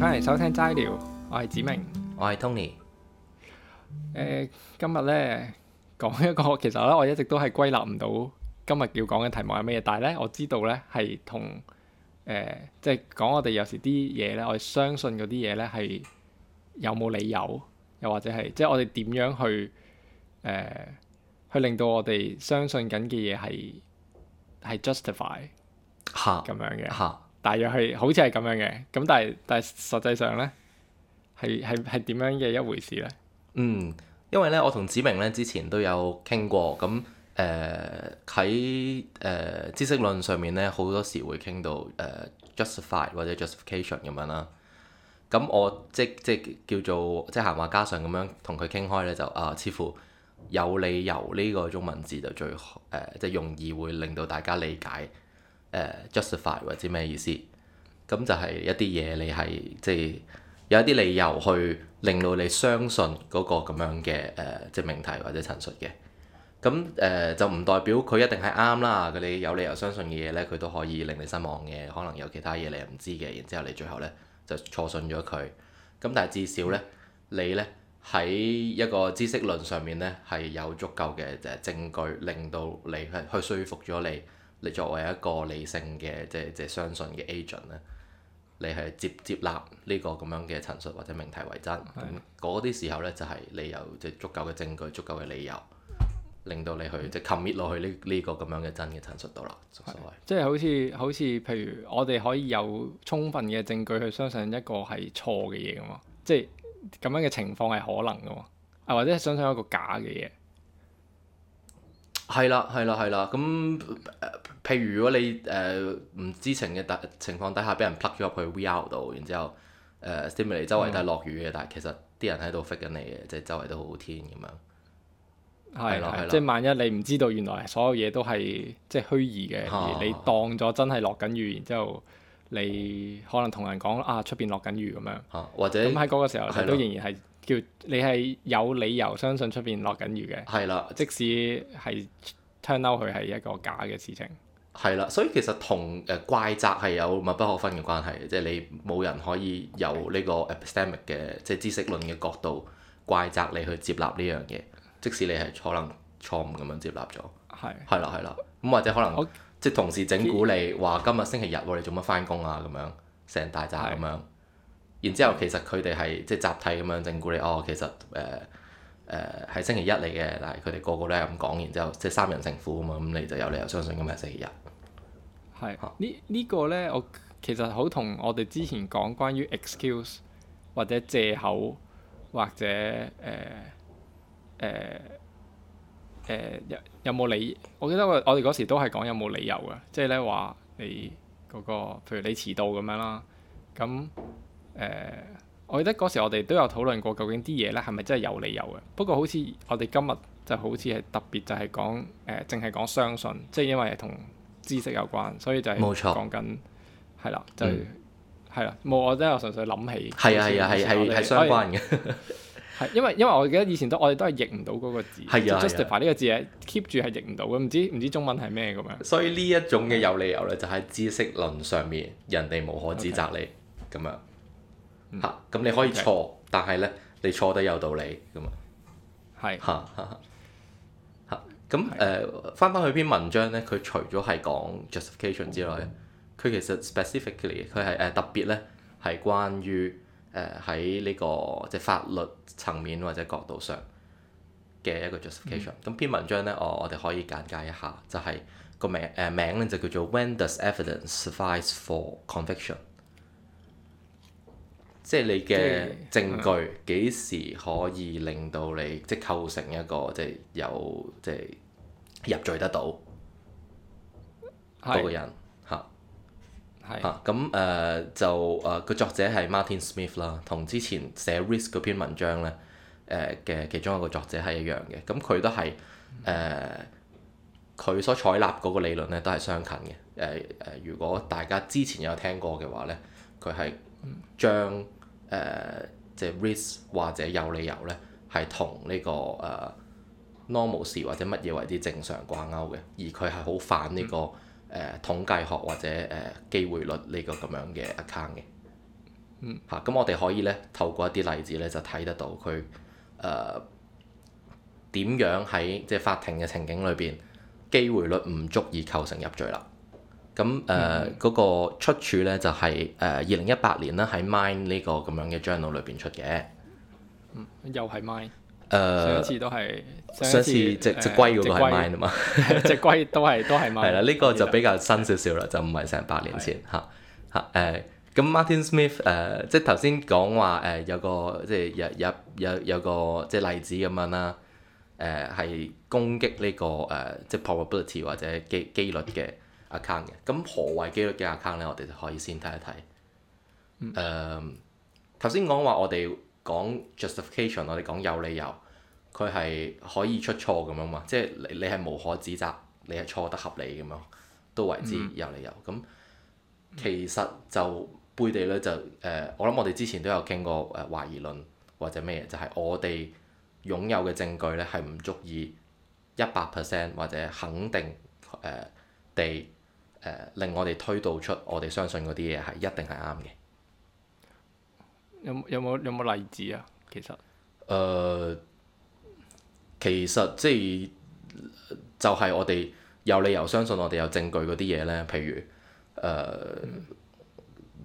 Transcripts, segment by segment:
歡迎收聽齋聊，我係子明，我係 Tony。誒、呃，今日咧講一個，其實咧我一直都係歸納唔到今日要講嘅題目係乜嘢。但係咧我知道咧係同誒、呃，即係講我哋有時啲嘢咧，我哋相信嗰啲嘢咧係有冇理由，又或者係即係我哋點樣去誒、呃、去令到我哋相信緊嘅嘢係係 justify 吓咁樣嘅吓。大約係好似係咁樣嘅，咁但係但係實際上咧係係係點樣嘅一回事咧？嗯，因為咧我同子明咧之前都有傾過，咁誒喺誒知識論上面咧，好多時會傾到誒 justified 或者 justification 咁樣啦。咁我即即，即叫做即閒話家常咁樣同佢傾開咧，就啊、呃、似乎有理由呢個中文字就最誒、呃、即容易會令到大家理解。誒、uh, justify 或者咩意思？咁就係一啲嘢，你係即係有一啲理由去令到你相信嗰個咁樣嘅誒、呃、即係命題或者陳述嘅。咁誒、呃、就唔代表佢一定係啱啦。你有理由相信嘅嘢咧，佢都可以令你失望嘅。可能有其他嘢你又唔知嘅，然之後你最後咧就錯信咗佢。咁但係至少咧，你咧喺一個知識論上面咧係有足夠嘅誒證據令到你係去說服咗你。你作為一個理性嘅即係即係相信嘅 agent 咧，你係接接納呢個咁樣嘅陳述或者命題為真，嗰啲的時候咧就係、是、你有即係足夠嘅證據、足夠嘅理由，令到你去即係 commit 落去呢呢個咁樣嘅真嘅陳述度啦，正所謂。即係、就是、好似好似譬如我哋可以有充分嘅證據去相信一個係錯嘅嘢噶嘛，即係咁樣嘅情況係可能噶嘛，啊或者係相信一個假嘅嘢。係啦係啦係啦，咁譬如如果你誒唔、呃、知情嘅情況底下，俾人 plug 咗入去 VR 度，然之後誒 simulate 周圍都係落雨嘅，但係其實啲人喺度 fake 緊你嘅，即係周圍都好天咁樣。係啦，係啦，即係萬一你唔知道原來所有嘢都係即係虛擬嘅，而、啊、你當咗真係落緊雨，然之後你可能同人講啊出邊落緊雨咁樣、啊，或者咁喺嗰個時候你都仍然係叫你係有理由相信出邊落緊雨嘅。係啦，即使係 turn out 佢係一個假嘅事情。係啦，所以其實同誒怪責係有密不可分嘅關係，即係、就是、你冇人可以有呢個 epistemic 嘅即係、就是、知識論嘅角度怪責你去接納呢樣嘢，即使你係可能錯誤咁樣接納咗，係係啦係啦，咁或者可能 Okay. 即係同時整蠱你話今日星期日喎，你做乜翻工啊咁樣，成大紮咁樣，的然之後其實佢哋係即係集體咁樣整蠱你哦，其實誒。Uh, 誒係、呃、星期一嚟嘅，但係佢哋個個咧咁講，然之後即係三人成虎啊嘛，咁你就有理由相信今日星期一。係是。啊這個、呢呢個咧，我其實好同我哋之前講關於 excuse 或者借口或者誒誒誒有有冇理？我記得我我哋嗰時都係講有冇理由嘅，即係咧話你嗰、那個，譬如你遲到咁樣啦，咁誒。呃我記得嗰時我哋都有討論過，究竟啲嘢咧係咪真係有理由嘅？不過好似我哋今日就好似係特別就係講誒，淨、呃、係講相信，即係因為同知識有關，所以就係冇錯講緊係啦，就係、係嗯、啦，冇我真係純粹諗起，係係啊係係相關嘅， 係因為因為我記得以前都我哋都係譯唔到嗰個字，即係 justify 呢個字係 keep 住係譯唔到嘅，唔知唔知中文係咩咁樣。所以呢一種嘅有理由咧，就喺、係、知識論上面，人哋無可指責你咁樣。Okay. 嚇，咁、嗯、你可以錯，Okay. 但係咧，你錯得有道理㗎嘛？係嚇嚇嚇，咁誒翻翻去篇文章咧，佢除咗係講 justification 之外咧，佢 Okay. 其實 specifically 佢係誒特別咧係關於誒喺呢個即係法律層面或者角度上嘅一個 justification。咁、嗯、篇文章咧、哦，我我哋可以簡介一下，就係、是、個名誒、呃、名咧就叫做 When Does Evidence Suffice for Conviction？即係你嘅證據幾時可以令到你的即係構成一個即係有即係入罪得到嗰個人嚇，係咁，誒就誒個、呃、作者係 Martin Smith 啦，同之前寫 Risk 嗰篇文章咧誒嘅其中一個作者係一樣嘅。咁佢都係誒佢所採納嗰個理論咧都係相近嘅誒誒，如果大家之前有聽過嘅話咧，佢係將誒，即係、uh, risk 或者有理由咧，係同呢、這個誒、uh, normal 事或者乜嘢為之正常掛鈎嘅，而佢係好反呢、這個誒、呃、統計學或者誒機、呃、會率呢個咁樣嘅 account 嘅。嗯。咁、啊、我哋可以咧透過一啲例子咧就睇得到佢誒點樣喺即係法庭嘅情景裏邊機會率唔足以構成入罪啦。咁誒嗰個出處咧，就係誒二零一八年啦。喺 Mind 呢個咁樣嘅 journal 裏邊出嘅。又係 Mind 誒，上次都係上次隻隻龜要都係 Mind 啊嘛，隻龜都係都係 Mind 係啦，呢個就比較新少少啦，就唔係成百年前嚇嚇誒。咁 Martin Smith 誒，即係頭先講話誒，有個即係有有有有個即係例子咁樣啦。誒係攻擊呢個誒，即係 probability 或者機機率嘅。account 嘅，咁何為機率嘅 account 咧？我哋就可以先睇一睇。誒頭先講話我哋講 justification，我哋講有理由，佢係可以出錯咁樣嘛？即係你你係無可指責，你係錯得合理咁樣都為之有理由。咁、嗯、其實就背地咧就誒、呃，我諗我哋之前都有傾過誒懷疑論或者咩，嘢，就係、是、我哋擁有嘅證據呢，係唔足以一百 percent 或者肯定誒地。呃誒令我哋推導出我哋相信嗰啲嘢係一定係啱嘅。有冇有冇例子啊？其實誒、呃，其實即係就係、是、我哋有理由相信我哋有證據嗰啲嘢呢。譬如誒，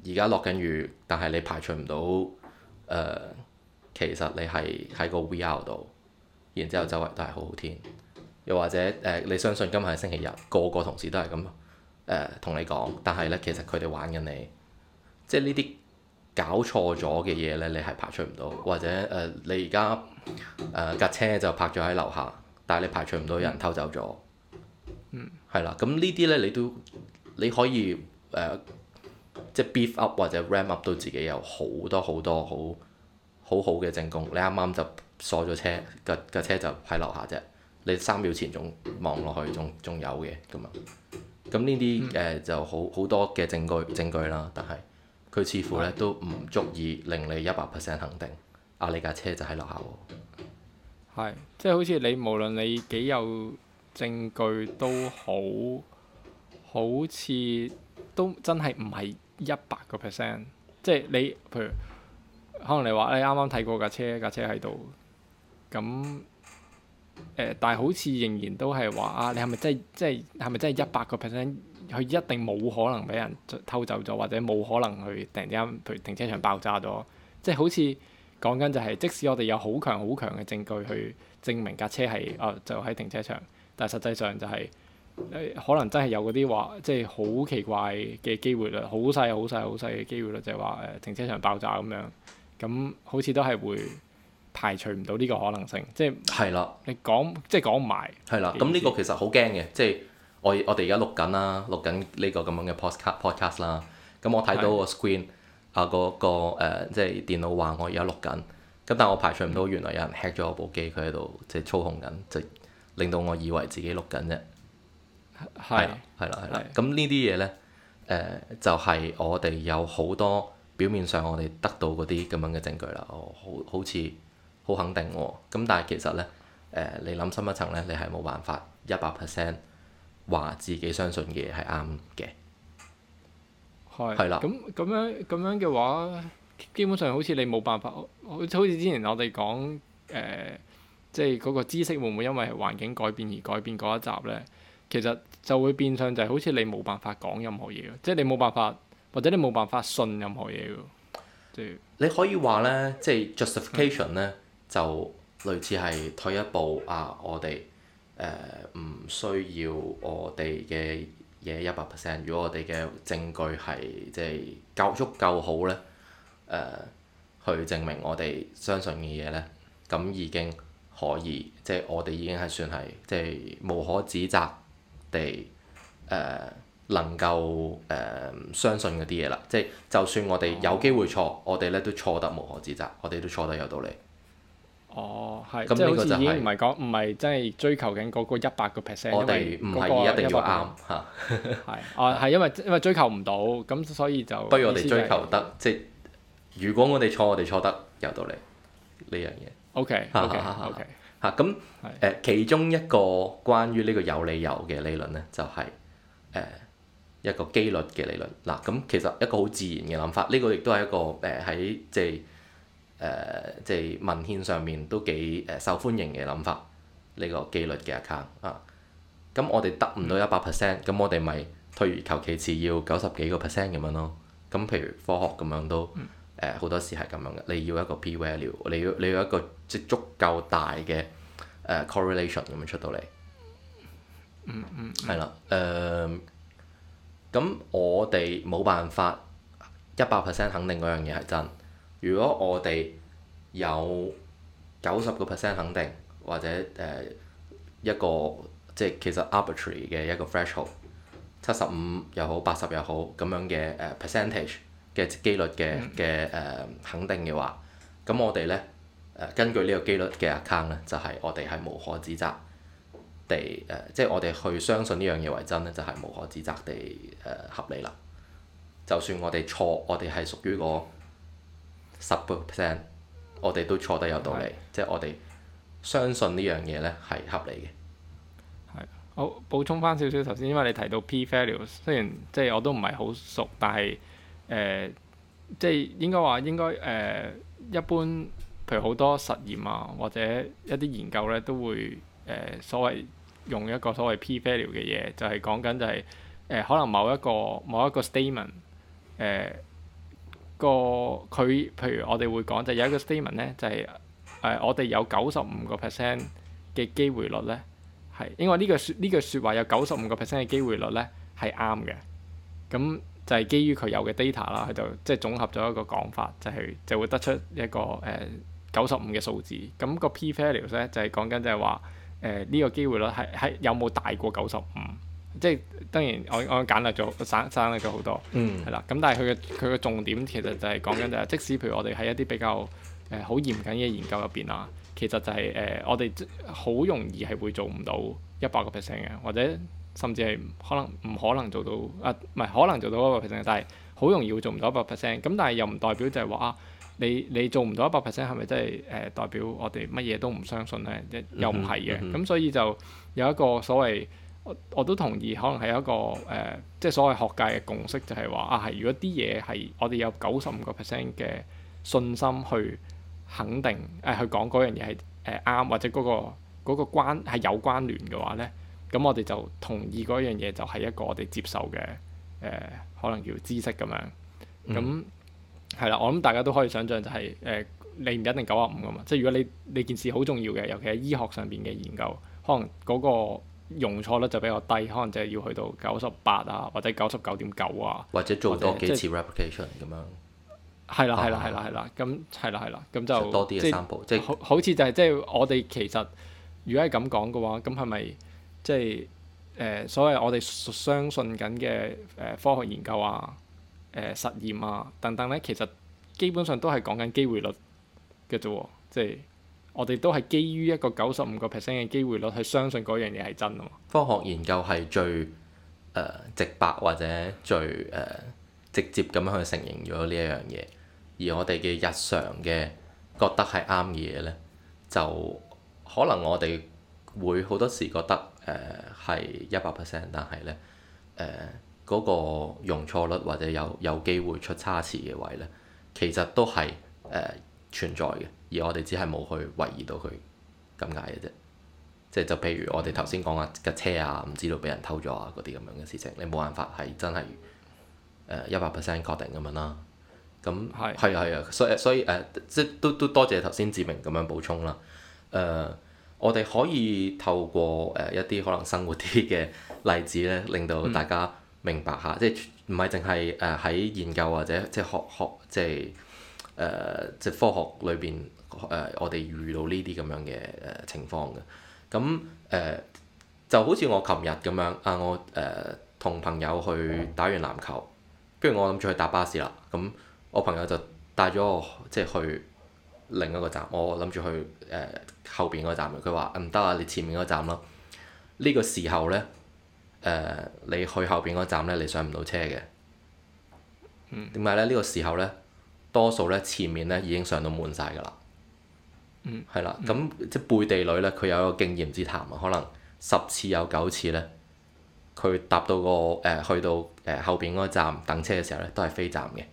而家落緊雨，但係你排除唔到誒，其實你係喺個 VR 度，然之後周圍都係好好天。又或者誒、呃，你相信今日係星期日，個個同事都係咁，同你講，但係咧，其實佢哋玩緊你，即係呢啲搞錯咗嘅嘢咧，你係排除唔到，或者誒你而家誒架車就泊咗喺樓下，但係你排除唔到有人偷走咗，嗯，係啦，咁呢啲咧你都你可以誒即係 beef up 或者 ram up 到自己有好多好多好好好嘅證供，你啱啱就鎖咗車，架架車就喺樓下啫，你三秒前仲望落去仲仲有嘅咁啊！咁呢啲誒就好好多嘅證據證據啦，但係佢似乎咧都唔足以令你一百 percent 肯定，啊。你架車就喺樓下喎。係，即係好似你無論你幾有證據都好，好似都真係唔係一百個 percent，即係你譬如可能你話你啱啱睇過架車，架車喺度咁。誒、呃，但係好似仍然都係話啊，你係咪真、即係、係係真係係咪真係一百個 percent？佢一定冇可能俾人偷走咗，或者冇可能去突然之間譬如停車場爆炸咗？即係好似講緊就係，即使我哋有好強好強嘅證據去證明架車係啊，就喺停車場，但係實際上就係、係、誒、呃，可能真係有嗰啲話，即係好奇怪嘅機會率，好細好細好細嘅機會率，就係話誒停車場爆炸咁樣，咁好似都係會，排除唔到呢個可能性，即係係啦，你講的即係講唔埋係啦。咁呢個其實好驚嘅，即係我我我哋而家錄緊啦，錄緊呢個咁樣嘅 podcast 啦。咁我睇到個 screen 啊嗰個誒即係電腦話我而家錄緊。咁但係我排除唔到原來有人 hack 咗我部機，佢喺度即係操控緊，就令到我以為自己錄緊啫。係係啦係啦。咁呢啲嘢咧誒就係我哋有好多表面上我哋得到嗰啲咁樣嘅證據啦。我好好似。好肯定喎、哦，咁但係其實呢，呃、你諗深一層呢，你係冇辦法一百 percent 話自己相信嘅嘢係啱嘅。係係啦，咁咁樣咁樣嘅話，基本上好似你冇辦法，好似之前我哋講即係嗰個知識會唔會因為環境改變而改變嗰一集呢？其實就會變相就係好似你冇辦法講任何嘢，即係你冇辦法或者你冇辦法信任何嘢嘅。即係你可以話呢，即係 justification 呢、嗯。就類似係退一步啊！我哋誒唔需要我哋嘅嘢一百 percent。如果我哋嘅證據係即係夠足夠好呢，誒、呃、去證明我哋相信嘅嘢呢，咁已經可以即係我哋已經係算係即係無可指責地誒、呃、能夠誒、呃、相信嗰啲嘢啦。即係就算我哋有機會錯，我哋呢都錯得無可指責，我哋都錯得有道理。哦，係，嗯、即係、就係、已經唔係講，唔係真係追求緊嗰個一百個 percent。我哋唔係一定要啱，嚇係係因為因為追求唔到，咁所以就，就不如我哋追求得，即係如果我哋錯，我哋錯得有道理呢樣嘢。O K，O K，O K，嚇咁誒，其中一個關於呢個有理由嘅理論咧，就係、係、誒、呃、一個機率嘅理論嗱。咁、呃、其實一個好自然嘅諗法，呢、這個亦都係一個誒喺即係。呃呃誒、呃，即係文獻上面都幾誒、呃、受歡迎嘅諗法，呢個幾率嘅 account 啊，咁我哋得唔到一百 percent，咁我哋咪退而求其次，要九十幾個 percent 咁樣咯。咁譬如科學咁樣都誒好、呃、多時係咁樣嘅，你要一個 p-value，你要你要一個即係足夠大嘅誒、呃、correlation 咁樣出到嚟。係，嗯。係、嗯、啦，咁、嗯呃、我哋冇辦法一百 percent 肯定嗰樣嘢係真。如果我哋有九十個 percent 肯定，或者誒、呃、一個即係其實 arbitrary 嘅一個 threshold，七十五又好八十又好咁樣嘅誒、uh, percentage 嘅幾率嘅嘅誒肯定嘅話，咁我哋咧誒根據個呢個幾率嘅 account 咧，就係、是、我哋係無可指責地誒、呃，即係我哋去相信呢樣嘢為真咧，就係、是、無可指責地誒、呃、合理啦。就算我哋錯，我哋係屬於個十 percent，我哋都錯得有道理，即係是我哋相信呢樣嘢呢係合理嘅。係，好補充翻少少頭先，因為你提到 p-value，雖然即係、就是、我都唔係好熟，但係誒，即、呃、係、就是、應該話應該誒、呃，一般譬如好多實驗啊，或者一啲研究呢都會誒、呃、所謂用一個所謂 p-value 嘅嘢，就係講緊就係可能某一個某一個 statement、呃個佢譬如我哋會講就是、有一個 statement 咧就係、是、誒、呃、我哋有九十五個 percent 嘅機會率咧係因為呢句說呢句說話有九十五個 percent 嘅機會率咧係啱嘅，咁就係基於佢有嘅 data 啦，佢就即係綜合咗一個講法就係、是、就會得出一個誒九十五嘅數字，咁、那個 p-value 咧就係講緊就係話誒呢個機會率係喺有冇大過九十五？即係當然我，我我簡略咗省省略咗好多，係啦、嗯。咁但係佢嘅佢嘅重點其實就係講緊就係，即使譬如我哋喺一啲比較誒好、呃、嚴謹嘅研究入邊啊，其實就係、係、誒、呃、我哋好容易係會做唔到一百個 percent 嘅，或者甚至係可能唔可能做到啊？唔、呃、係可能做到一百 percent，但係好容易會做唔到一百 percent。咁但係又唔代表就係話啊，你你做唔到一百 percent 係咪真係誒、呃、代表我哋乜嘢都唔相信咧？又唔係嘅。咁、嗯嗯、所以就有一個所謂。我都同意，可能係一個誒、呃，即係所謂學界嘅共識就，就係話啊，係如果啲嘢係我哋有九十五個 percent 嘅信心去肯定誒、呃，去講嗰樣嘢係誒啱，或者嗰個嗰個關係有關聯嘅話咧，咁我哋就同意嗰樣嘢就係一個我哋接受嘅誒、呃，可能叫知識咁樣。咁係啦，我諗大家都可以想象、就係，就係誒你唔一定九啊五㗎嘛，即係如果你你件事好重要嘅，尤其係醫學上邊嘅研究，可能嗰個。容錯率就比較低，可能就係要去到九十八啊，或者九十九點九啊，或者做多幾次 replication 咁樣。係啦者，係啦，係啦、哦，係啦，咁係啦，係啦、就是，咁即就多啲嘅散步，即係好似就係即係我哋其實如果係咁講嘅話，咁係咪即係誒、呃、所謂我哋相信緊嘅、呃、科學研究啊、誒、呃、實驗啊等等咧，其實基本上都係講緊機會率嘅啫喎，即係。我哋都係基於一個九十五個 percent 嘅機會率去相信嗰樣嘢係真啊嘛。科學研究係最誒、呃、直白或者最誒、呃、直接咁樣去承認咗呢一樣嘢，而我哋嘅日常嘅覺得係啱嘅嘢咧，就可能我哋會好多時覺得誒係一百 percent，但係咧誒嗰個容錯率或者有有機會出差池嘅位咧，其實都係誒、呃、存在嘅。而我哋只係冇去懷疑到佢咁解嘅啫，即係就譬如我哋頭先講架車啊，唔知道俾人偷咗啊嗰啲咁樣嘅事情，你冇辦法係真係誒一百 percent 確定咁樣啦。咁係啊係啊，所以所以誒、呃，即都都多謝頭先梓明咁樣補充啦。誒、呃，我哋可以透過誒、呃、一啲可能生活啲嘅例子呢，令到大家明白下，嗯、即係唔係淨係誒喺研究或者即係學學即係誒、呃、即係科學裏邊。誒、呃，我哋遇到呢啲咁樣嘅誒情況嘅咁誒，就好似我琴日咁樣啊、呃，我誒同、呃、朋友去打完籃球，跟住我諗住去搭巴士啦。咁、嗯、我朋友就帶咗我即係去另一個站。我諗住去誒、呃、後邊嗰站，佢話唔得啊，你前面嗰站咯。呢、呢個時候呢，誒、呃、你去後邊嗰站呢，你上唔到車嘅。點解呢？呢、呢個時候呢，多數呢前面呢已經上到滿晒㗎啦。嗯，係啦，咁即背地裏呢，佢有一個經驗之談，可能十次有九次呢，佢搭到個誒、呃、去到誒後邊嗰個站等車嘅時候呢，都係飛站嘅。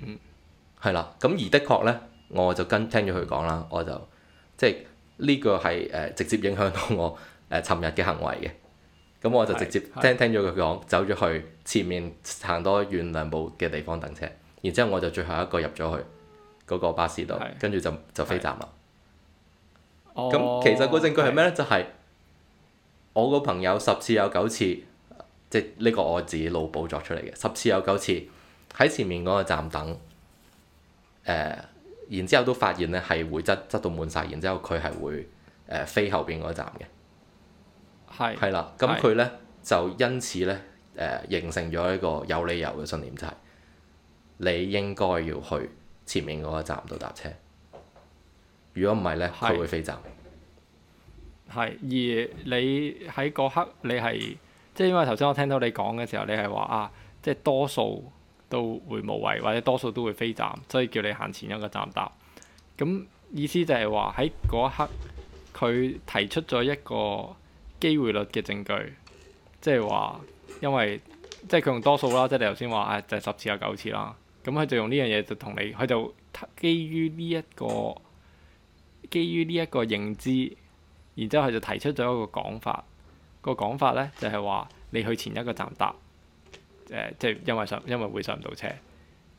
嗯，係啦，咁而的確呢，我就跟聽咗佢講啦，我就即呢個係誒直接影響到我誒尋日嘅行為嘅。咁我就直接聽聽咗佢講，走咗去前面行多遠兩步嘅地方等車，然之後我就最後一個入咗去。嗰個巴士度，跟住是就就飛站啦。咁、oh, 其實個證據係咩呢？是就係我個朋友十次有九次，即係呢個我自己腦補作出嚟嘅。十次有九次喺前面嗰個站等，誒、呃，然後之後都發現呢係會塞塞到滿晒。然之後佢係會誒、呃、飛後邊嗰個站嘅。係是。係啦，咁佢呢是就因此呢誒、呃、形成咗一個有理由嘅信念，就係、是、你應該要去。前面嗰個站度搭車，如果唔係呢，佢會飛站。係，而你喺嗰刻你係，即係因為頭先我聽到你講嘅時候，你係話啊，即係多數都會無謂，或者多數都會飛站，所以叫你行前一個站搭。咁意思就係話喺嗰一刻，佢提出咗一個機會率嘅證據，即係話因為即係佢用多數啦，即係你頭先話誒，就係十次有九次啦。咁佢就用呢樣嘢就同你，佢就基於呢一個基於呢一個認知，然之後佢就提出咗一個講法。個講法咧就係、是、話你去前一個站搭、呃、即係因為上因為會上唔到車。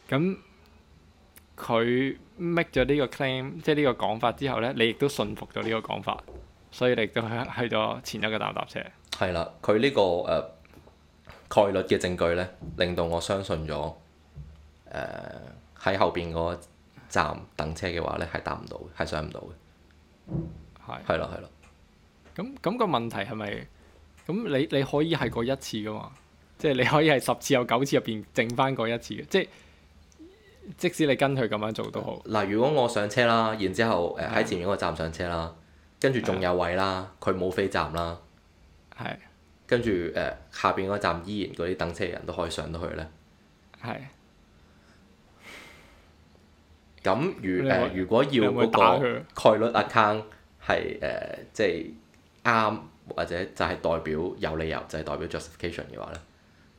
咁佢 make 咗呢個 claim，即係呢個講法之後咧，你亦都信服咗呢個講法，所以你都去咗前一個站搭車。係啦，佢呢、個誒、呃、概率嘅證據咧，令到我相信咗。誒喺、呃、後邊嗰站等車嘅話咧，係搭唔到，係上唔到嘅。係的。係咯，係咯。咁咁、嗰個問題係咪？咁你你可以係嗰一次噶嘛？即係你可以係十次有九次入邊整翻嗰一次嘅，即係即使你跟佢咁樣做都好。嗱、啊，如果我上車啦，然之後誒喺前邊個站上車啦，的跟住仲有位啦，佢冇飛站啦，係的。跟住誒、呃、下邊嗰站依然嗰啲等車嘅人都可以上到去呢。係。咁如誒、呃，如果要嗰個概率 account 係誒、呃，即係啱或者就係代表有理由，就係、是、代表 justification 嘅話咧，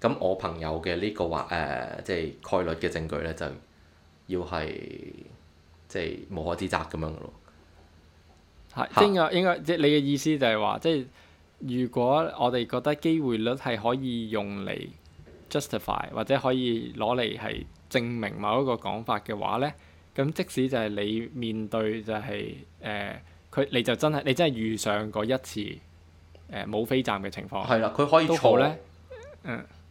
咁我朋友嘅呢個話誒、呃，即係概率嘅證據咧，就要係即係無可置疑咁樣嘅咯。係是，哈應該應該即係你嘅意思就係話，即係如果我哋覺得機會率係可以用嚟 justify 或者可以攞嚟係證明某一個講法嘅話咧。咁即使就係你面對就係誒佢，你就真係你真係遇上過一次誒冇飛站嘅情況。係啦，佢可以錯咧。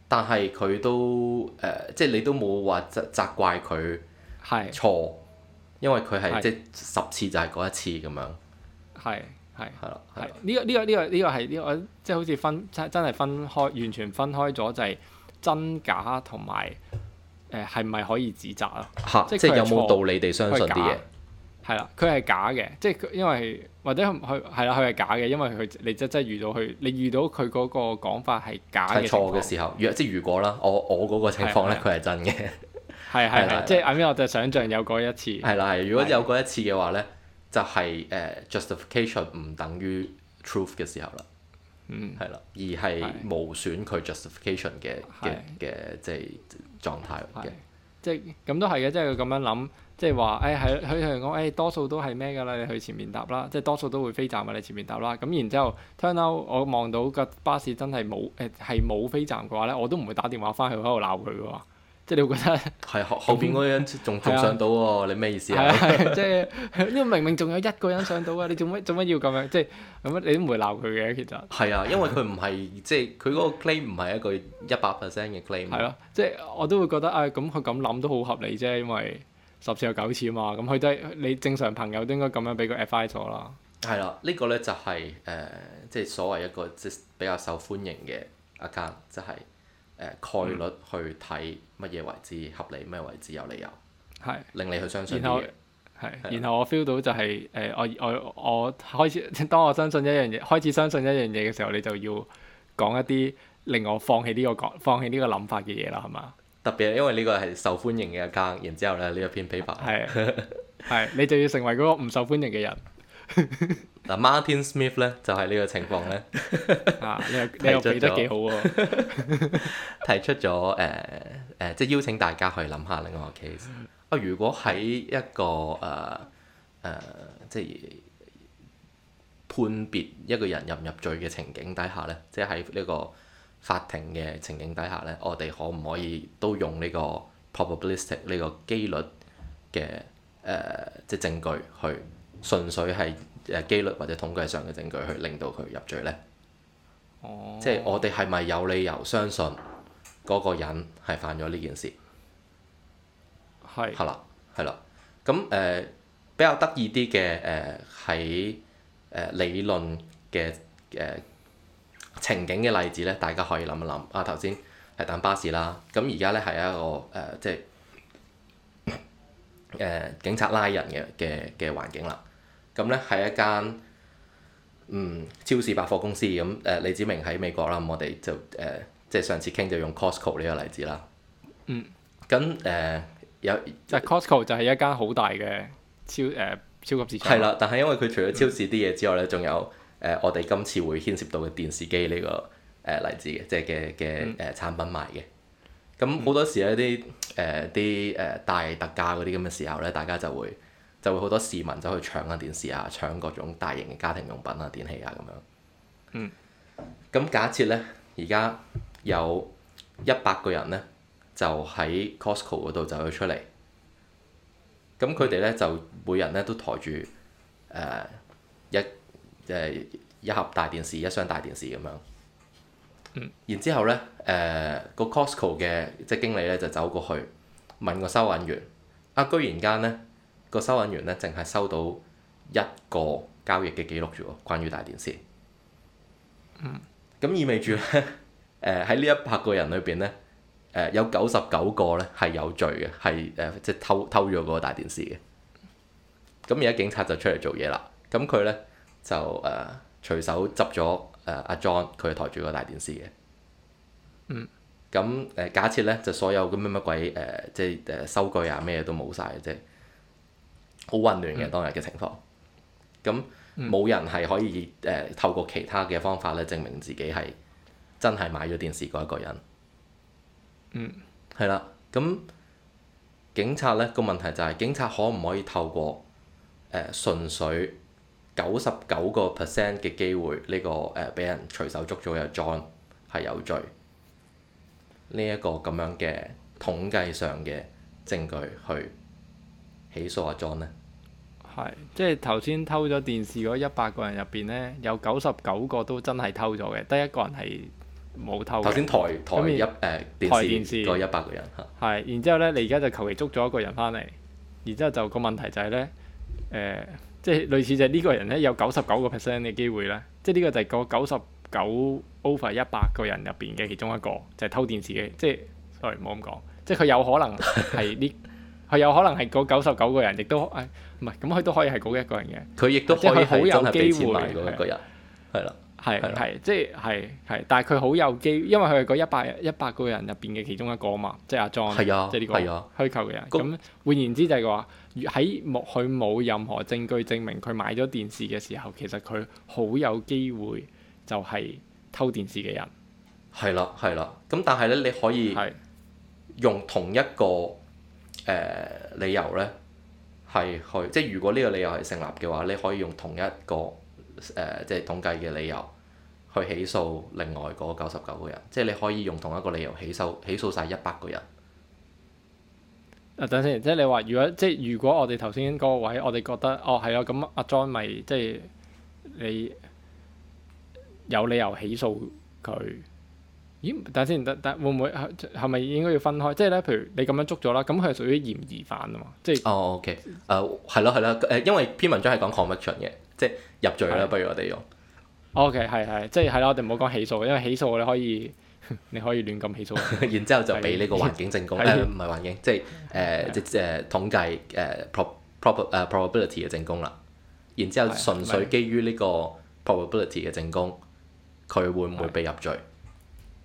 但係佢都誒，即係你都冇話責怪佢錯，因為佢係即係十次就係嗰一次咁樣。係係係。呢個呢個呢個呢個係呢個，即係好似分真真係分開，完全分開咗就係真假同埋。誒係唔係可以指責咯？嚇、啊，即係他有冇道理地相信啲嘢係啦，佢係假嘅，即係因為或者佢係啦，佢係假嘅，因為佢你真真遇到佢，你遇到佢嗰個講法係假嘅、係錯嘅時候，即係如果啦，我我嗰個情況咧，佢係是真嘅，係係即係啱啱我就想像有過一次係啦係。如果有過一次嘅話咧，就係、是、誒、uh, justification 唔等於 truth 嘅時候啦，嗯，係啦，而係無損佢 justification 嘅嘅嘅即係。狀態即係咁都係嘅，即係佢咁樣諗，即係話，誒、哎、係，佢同我講，誒、哎、多數都係咩㗎啦，你去前面搭啦，即係多數都會飛站啊，你前面搭啦，咁然之後，turn out，我望到個巴士真係冇，誒係冇飛站嘅話咧，我都唔會打電話翻去喺度鬧佢㗎喎。即係你會覺得係後後邊嗰個人仲仲上到喎？你咩意思啊？即係因為明明仲有一個人上到啊！你做乜做乜要咁樣？即係咁你都唔會鬧佢嘅其實。係啊，因為佢唔係即係佢嗰個 claim 唔係一個一百 percent 嘅 claim。係咯，即係我都會覺得啊，咁佢咁諗都好合理啫，因為十次有九次啊嘛。咁佢都係你正常朋友都應該咁樣俾佢 at f i r 咗啦。係啦，呢個咧就係誒，即係所謂一個即係比較受歡迎嘅 account，就係。概率去睇乜嘢為之合理，乜嘢為之有理由，係是令你去相信啲嘢。係，的然後我 feel 到就係、是、誒、呃，我我我開始，當我相信一樣嘢，開始相信一樣嘢嘅時候，你就要講一啲令我放棄呢、這個講，放棄呢個諗法嘅嘢啦，係嘛？特別，因為呢個係受歡迎嘅一間，然之後咧呢一篇 paper，係係 你就要成為嗰個唔受歡迎嘅人。嗱 ，Martin Smith 呢就係呢個情況呢，你又記得幾好喎？提出咗誒誒，即邀請大家去諗下另外一個 case。啊，如果喺一個誒誒、呃呃，即判別一個人入唔入罪嘅情景底下呢，即喺呢個法庭嘅情景底下呢，我哋可唔可以都用呢個 probabilistic 呢個機率嘅誒、呃，即係證據去？純粹係誒機率或者統計上嘅證據去令到佢入罪呢？哦、即係我哋係咪有理由相信嗰個人係犯咗呢件事？係是。係啦，係啦。咁誒、呃、比較得意啲嘅誒喺誒理論嘅誒、呃、情景嘅例子呢，大家可以諗一諗。啊，頭先係等巴士啦，咁而家呢係一個誒、呃、即係誒、呃、警察拉人嘅嘅嘅環境啦。咁呢係一間嗯超市百貨公司，咁誒、呃、李梓明喺美國啦，咁、嗯、我哋就誒、呃、即係上次傾就用 Costco 呢個例子啦。咁誒、嗯呃、有，即係 Costco 就係 co 一間好大嘅超誒、呃、超級市場。係啦，但係因為佢除咗超市啲嘢之外呢，仲、嗯、有誒、呃、我哋今次會牽涉到嘅電視機呢、呢個誒例子嘅，即係嘅嘅誒產品賣嘅。咁好多時呢啲誒啲誒大特價嗰啲咁嘅時候呢，大家就會，就會好多市民走去搶啊電視啊，搶各種大型嘅家庭用品啊電器啊咁樣。咁、嗯、假設呢，而家有一百個人呢，就喺 Costco 嗰度走咗出嚟。咁佢哋呢，就每人呢都抬住誒、呃、一誒、呃、一盒大電視、一箱大電視咁樣。嗯、然之後呢，誒個 Costco 嘅即係經理呢，就走過去問個收銀員，啊，居然間呢？」個收銀員呢，淨係收到一個交易嘅記錄啫喎，關於大電視。嗯。咁意味住呢，誒喺呢一百個人裏邊呢，誒、呃、有九十九個呢係有罪嘅，係誒、呃、即係偷偷咗嗰個大電視嘅。咁而家警察就出嚟做嘢啦。咁佢呢，就誒、呃、隨手執咗誒阿 John 佢抬住個大電視嘅。嗯。咁誒、呃、假設呢，就所有咁乜乜鬼誒、呃、即係誒收據啊咩都冇晒嘅啫。呃好混亂嘅當日嘅情況，咁冇、嗯、人係可以誒、呃、透過其他嘅方法嚟證明自己係真係買咗電視嗰一個人。嗯，係啦，咁警察呢個問題就係、是、警察可唔可以透過誒純、呃、粹九十九個 percent 嘅機會呢個誒俾人隨手捉咗入莊係有罪呢一、這個咁樣嘅統計上嘅證據去？起訴阿莊咧，係即係頭先偷咗電視嗰一百個人入邊咧，有九十九個都真係偷咗嘅，得一個人係冇偷。頭先台台一誒電視再一百個人係。係，然之後咧，你而家就求其捉咗一個人翻嚟，然之後就個問題就係咧，誒、呃、即係類似就係呢個人咧有九十九個 percent 嘅機會咧，即係呢個就係個九十九 over 一百個人入邊嘅其中一個就係、是、偷電視嘅，即係 sorry 唔好咁講，即係佢有可能係呢。 佢有可能係嗰九十九個人，亦都誒唔係，咁佢都可以係嗰一個人嘅。佢亦都可以好有機會，係嗰一個人，係啦是，係係的，即係係係，但係佢好有機，因為佢係嗰一百一百個人入邊嘅其中一個啊嘛，即係阿莊、啊，即係呢個虛構嘅人。咁、啊啊、換言之就係、是、話，喺冇佢冇任何證據證明佢買咗電視嘅時候，其實佢好有機會就係偷電視嘅人。係啦係啦，咁但係咧，你可以係用同一個。誒、呃、理由呢，係去，即係如果呢個理由係成立嘅話，你可以用同一個誒、呃、即係統計嘅理由去起訴另外嗰九十九個人，即係你可以用同一個理由起訴起訴晒一百個人。啊，等先，即係你話如果即係如果我哋頭先嗰個位，我哋覺得哦係、嗯、啊，咁阿 John 咪、就是、即係你有理由起訴佢。咦？等下先，但但會唔會係咪應該要分開？即係咧，譬如你咁樣捉咗啦，咁佢係屬於嫌疑犯啊嘛，即係哦，OK，誒係咯係咯，誒因為篇文章係講 conviction 嘅，即係入罪啦，的不如我哋用 OK 係係，即係係啦，我哋唔好講起訴，因為起訴咧可以 你可以亂咁起訴， 然之後就俾呢個環境證供，唔係環境，即係誒、呃、即誒統計誒、uh, prob prob, uh, probability 嘅證供啦，然之後純粹基於呢個 probability 嘅證供，佢會唔會被入罪？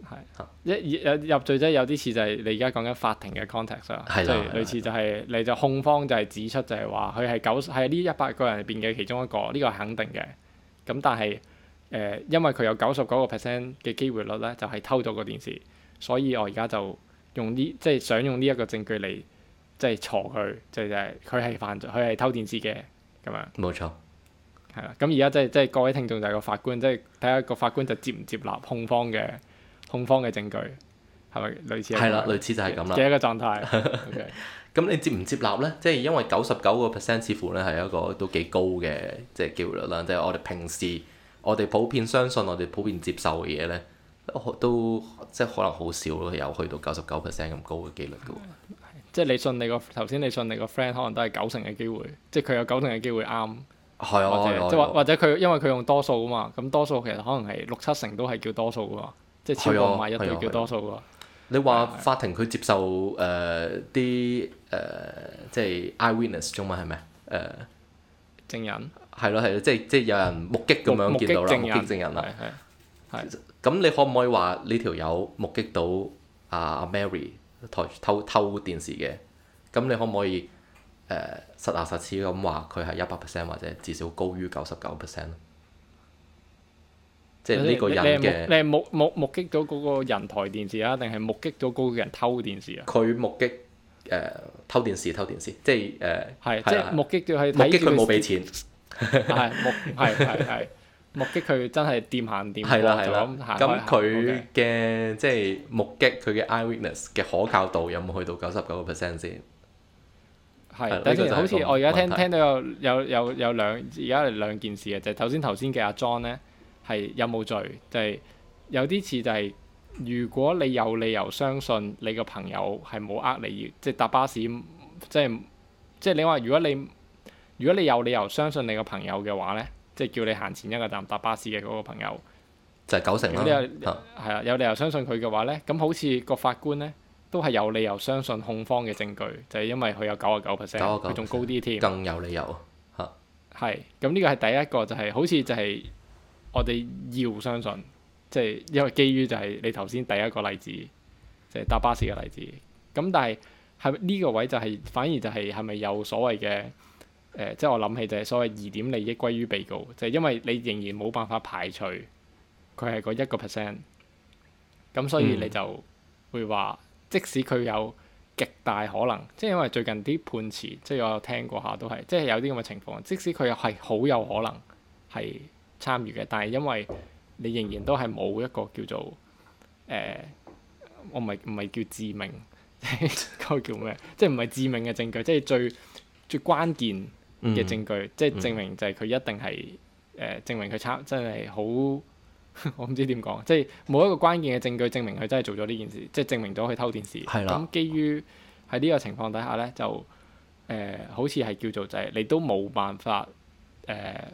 係，一入罪即係，有啲似就係你而家講緊法庭嘅 context 啦的，即係類似就係、是、的你就控方就係指出就係話佢係九係呢一百個人入邊嘅其中一個，呢、這個肯定嘅。咁但係誒、呃，因為佢有九十九個 percent 嘅機會率咧，就係、是、偷咗個電視，所以我而家就用呢即係想用呢一個證據嚟即係鋤佢，就係佢係犯罪，佢係偷電視嘅咁樣。冇錯錯，係啦。咁而家即係即係各位聽眾就係個法官，即係睇下個法官就接唔接納控方嘅。控方嘅證據係咪類似？係啦的，類似就係咁啦。嘅一個狀態。咁、okay. 你接唔接納呢？即係因為九十九個 percent 似乎咧係一個都幾高嘅即係機會率，率啦。即係我哋平時我哋普遍相信我哋普遍接受嘅嘢咧，都即係可能好少有去到九十九 percent 咁高嘅機率嘅喎、嗯。即係你信你個頭先，你信你個 friend 可能都係九成嘅機會，即係佢有九成嘅機會啱， 或者 或者佢 因為佢用多數啊嘛，咁多數其實可能係六七成都係叫多數啊嘛。即係超過萬一對叫多數喎。你話法庭佢接受誒啲誒即係 eye witness 中文係咩？誒、呃、證人。係咯係咯，即係即係有人目擊咁樣見到啦，目擊證人啦。係、啊。咁、啊啊啊、你可唔可以話呢條友目擊到阿、啊、Mary 台偷偷，偷電視嘅？咁你可唔可以誒、呃、實牙實齒咁話佢係一百 percent 或者至少高於九十九 percent？即係呢個人嘅，你係目目目擊到嗰個人抬電視啊，定係目擊到嗰個人偷電視啊？佢目擊誒偷電視，偷電視，即係誒。係即係目擊咗係目擊佢冇俾錢，係目係係係目擊佢真係掂閑掂。係啦係啦。咁咁佢嘅即係目擊佢嘅 eyewitness 嘅可靠度有冇去到九十九個 percent？先？係。呢個就好似我而家聽聽到有有有有兩而家係兩件事嘅，就係頭先頭先嘅阿莊咧。係有冇罪？就係、是、有啲似就係、是，如果你有理由相信你個朋友係冇呃你，即係搭巴士，即係即係你話，如果你如果你有理由相信你個朋友嘅話呢，即係叫你行前一個站搭巴士嘅嗰個朋友，就係九成。你有係啊？有理由相信佢嘅話呢，咁好似個法官呢都係有理由相信控方嘅證據，就係、是、因為佢有九啊九 percent，佢仲高啲添，更有理由嚇。係、啊、咁，呢個係第一個，就係、是、好似就係、是。我哋要相信，即係因為基於就係你頭先第一個例子，即係搭巴士嘅例子。咁但係係呢個位就係、是、反而就係係咪有所謂嘅誒、呃？即係我諗起就係所謂疑點利益歸於被告，就係因為你仍然冇辦法排除佢係嗰一個 percent。咁所以你就會話即使佢有極大可能，即係、嗯、因為最近啲判詞即係我有聽過下都係即係有啲咁嘅情況，即使佢係好有可能係。參與嘅，但係因為你仍然都係冇一個叫做誒、呃，我唔係唔係叫致命，該 叫咩？即係唔係致命嘅證據，即係最最關鍵嘅證據，嗯、即係證明就係佢一定係誒、呃、證明佢參真係好， 我唔知點講，即係冇一個關鍵嘅證據證明佢真係做咗呢件事，即係證明咗佢偷電視。咁的基於喺呢個情況底下咧，就誒、呃、好似係叫做就係你都冇辦法誒。呃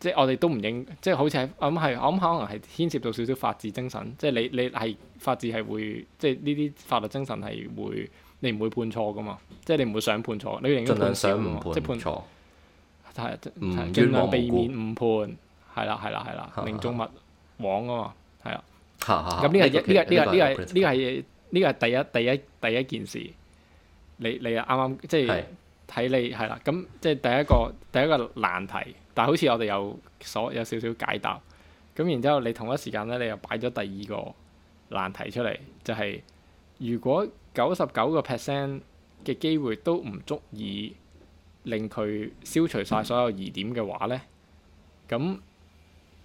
即係我哋都唔應，即係好似係，我諗係，我諗可能係牽涉到少少法治精神。即係你你係法治係會，即係呢啲法律精神係會，你唔會判錯㗎嘛。即係你唔會想判錯，你要盡量唔判，即係判錯。係，盡量避免誤判。係啦，係啦，係啦，寧縱毋枉啊嘛，係啊。咁呢個呢個呢個呢呢個係呢個係第一第一第一件事。你你啱啱即係睇你係啦，咁即係第一個第一個難題。但係好似我哋有所有少少解答，咁然之後你同一時間咧，你又擺咗第二個難題出嚟，就係、是、如果九十九個 percent 嘅機會都唔足以令佢消除晒所有疑點嘅話咧，咁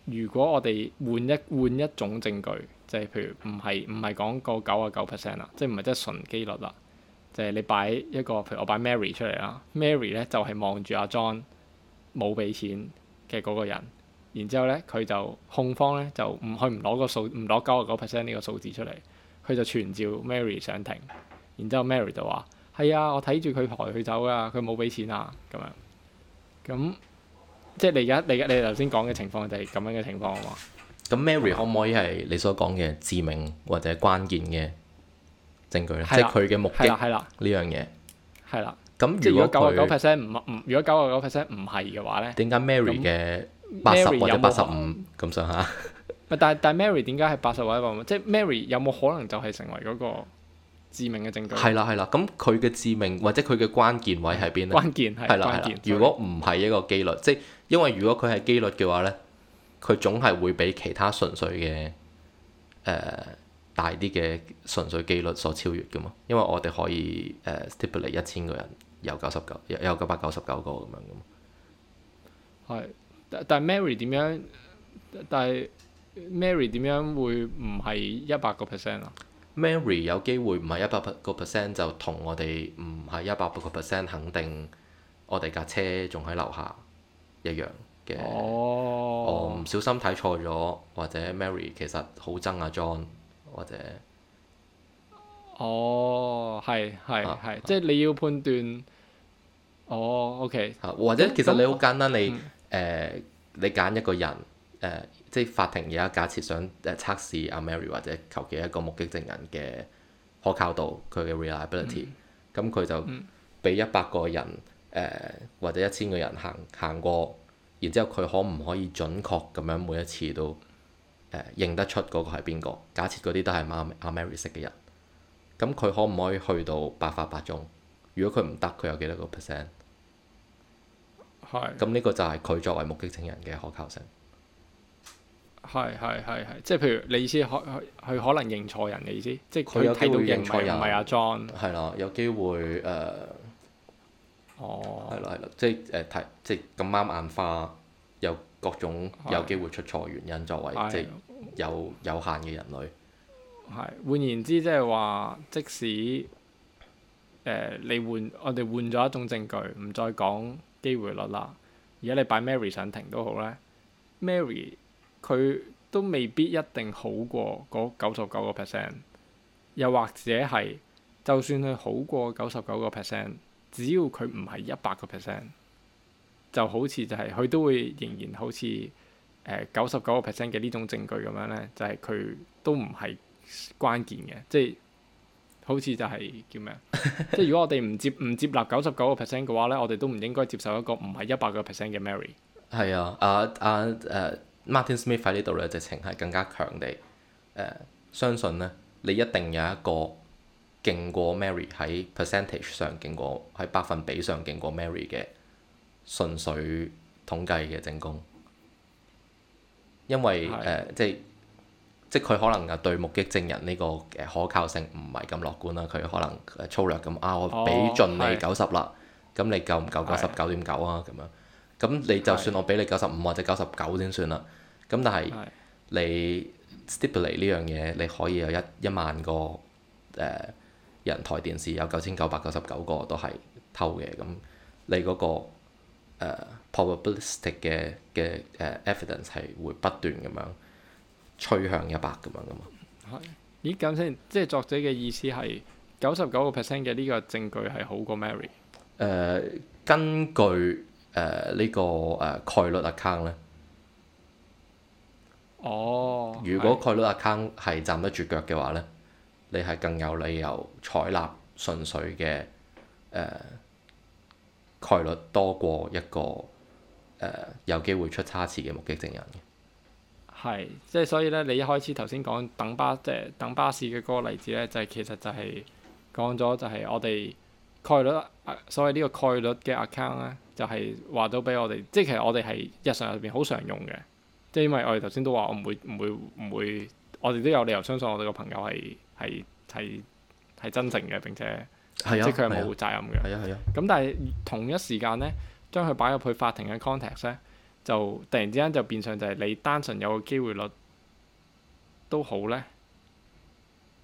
如果我哋換一換一種證據，就係譬如唔係唔係講個九啊九 percent 啦，即係唔係即係純機率啦，就係、是、你擺一個譬如我擺 Mary 出嚟啦，Mary 咧就係、是、望住阿、啊、John。冇俾錢嘅嗰個人，然之後咧佢就控方咧就唔佢唔攞個數唔攞九十九 percent 呢個數字出嚟，佢就傳召 Mary 上庭，然之後 Mary 就話：係啊，我睇住佢抬佢走㗎，佢冇俾錢啊咁樣。咁即係你而家你你頭先講嘅情況就係咁樣嘅情況啊嘛。咁那 Mary 可唔吧可以係你所講嘅致命或者關鍵嘅證據的即係佢嘅目擊係啦，呢樣嘢係啦。咁即係如果九十九 percent 唔唔，如果九十九 percent 唔係嘅話咧，點解 Mary 嘅八十或者八十五咁上下，但但係 Mary 點解係八十或者八即係 Mary 有冇可能就係成為嗰個致命嘅證據？係啦係啦，咁佢嘅致命或者佢嘅關鍵位喺邊咧？關鍵係關鍵，如果唔係一個機率，即係的因為如果佢係機率嘅話咧，佢總係會比其他純粹嘅誒。呃大啲嘅純粹機率所超越㗎嘛，因為我哋可以誒、uh, stipulate 一千個人有九十九有九百九十九個咁樣嘅嘛。係，但但係 Mary 點樣？但係 Mary 點樣會唔係一百個 percent 啊？Mary 有機會唔係一百個 percent 就同我哋唔係一百個 percent 肯定我哋架車仲喺樓下一樣嘅。哦，我唔小心睇錯咗，或者 Mary 其實好憎阿 John。或者，哦，係係係即係你要判斷、啊、哦，OK，或者其實你好簡單、嗯、你誒、呃、你揀一個人誒、呃，即係法庭而家假設想誒測試阿 Mary 或者求其一個目擊證人嘅可靠度，佢嘅 reliability，咁佢、嗯嗯、就俾一百個人誒、呃、或者一千個人行行過，然之後佢可唔可以準確咁樣每一次都？誒認得出嗰個係邊個？假設嗰啲都係阿阿 Mary 識嘅人，咁佢可唔可以去到百發百中？如果佢唔得，佢有幾多個 percent？係。咁呢是個就係佢作為目擊證人嘅可靠性。係係係係，即係譬如你意思，可佢可能認錯人嘅意思，即係佢睇到認唔係阿 John。係啦，有機會誒。嗯呃、哦。係啦係啦，啦，即係誒睇，即係咁啱眼花，有各種有機會出錯嘅原因，作為即係。的有有限嘅人類，係換言之，即係話，即使誒、呃、你換我哋換咗一種證據，唔再講機會率啦。而家你擺 Mary 上庭都好啦，Mary，佢都未必一定好過嗰九十九個 percent。又或者係，就算佢好過九十九個 percent，只要佢唔係一百個 percent，就好似就係、是、佢都會仍然好似。誒九十九個 percent 嘅呢種證據咁樣咧，就係、是、佢都唔係關鍵嘅，即係好似就係叫咩啊？ 即係如果我哋唔接唔接納九十九個 percent 嘅話咧，我哋都唔應該接受一個唔係一百個 percent 嘅 Mary。係啊，啊啊誒，Martin Smith 喺呢度咧，直情係更加強地誒，uh, 相信咧，你一定有一個勁過 Mary 喺 percentage 上勁過，喺百分比上勁過 Mary 嘅純粹統計嘅證供。因為誒的、呃，即係即係佢可能啊對目擊證人呢個誒可靠性唔係咁樂觀啦，佢可能粗略咁啊，我俾盡你九十啦，咁、哦嗯、你夠唔夠九十九點九啊？咁樣咁、嗯、你就算我俾你九十五或者九十九先算啦，咁、嗯、但係的你 stipulate 呢樣嘢，你可以有一一萬個誒、呃、人台電視有九千九百九十九個都係偷嘅，咁、嗯、你嗰、嗰個。誒、uh, probabilistic 嘅嘅誒、uh, evidence 係會不斷咁樣趨向一百咁樣噶嘛？係，咦？咁先即係作者嘅意思係九十九個 percent 嘅呢個證據係好過 Mary。誒，uh, 根據誒呢、uh, 呢個誒、uh, 概率 account 咧。哦。Oh, 如果概率 account 係是站得住腳嘅話咧，你係更有理由採納純粹嘅誒。Uh, 概率多過一個誒、呃、有機會出差池嘅目擊證人嘅，係即係所以咧，就係、你一開始頭先講等巴即係等巴士嘅嗰個例子咧，就係、係、其實就係講咗就係我哋概率所謂呢個概率嘅 account 咧，就係話到俾我哋，即係其實我哋係日常入邊好常用嘅，即係因為我哋頭先都話我唔會唔會唔會，我哋都有理由相信我哋個朋友係係係係真誠嘅，並且。係啊，即係佢係冇責任嘅。係啊係啊。咁、啊、但係同一時間咧，將佢擺入去法庭嘅 context 咧，就突然之間就變相就係你單純有個機會率都好咧。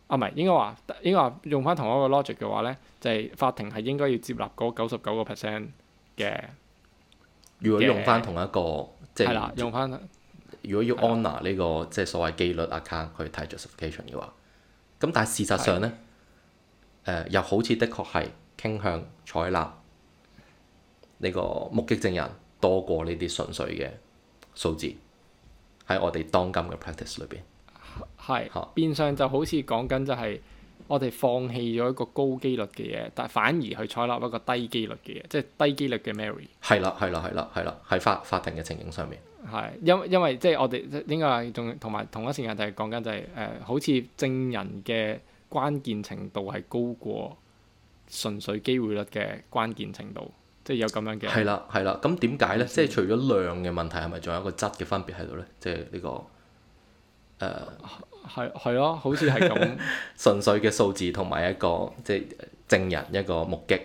啊唔係，應該話應該話用翻同一個 logic 嘅話咧，就係、是、法庭係應該要接納嗰九十九個 percent 嘅。如果用翻同一個的即係是，係啦，用翻。如果用 honor 呢個的即係所謂機率 account 去睇 justification 嘅話，咁但係事實上咧。誒、呃、又好似的確係傾向採納呢個目擊證人多過呢啲純粹嘅數字喺我哋當今嘅 practice 裏邊，係是、啊、變相就好似講緊就係我哋放棄咗一個高機率嘅嘢，但係反而去採納一個低機率嘅嘢，即、就、係、是、低機率嘅 Mary。係啦，係啦，係啦，係啦，喺法法庭嘅情景上面，係因因為即係我哋應該仲同埋同一時間就係講緊就係、是、誒、呃、好似證人嘅。關鍵程度係高過純粹機會率嘅關鍵程度，即係有咁樣嘅。係啦，係啦。咁點解呢？即係除咗量嘅問題，係咪仲有個質嘅分別喺度呢？即係呢個誒，係係咯，好似係咁純粹嘅數字同埋一個即係證人一個目擊，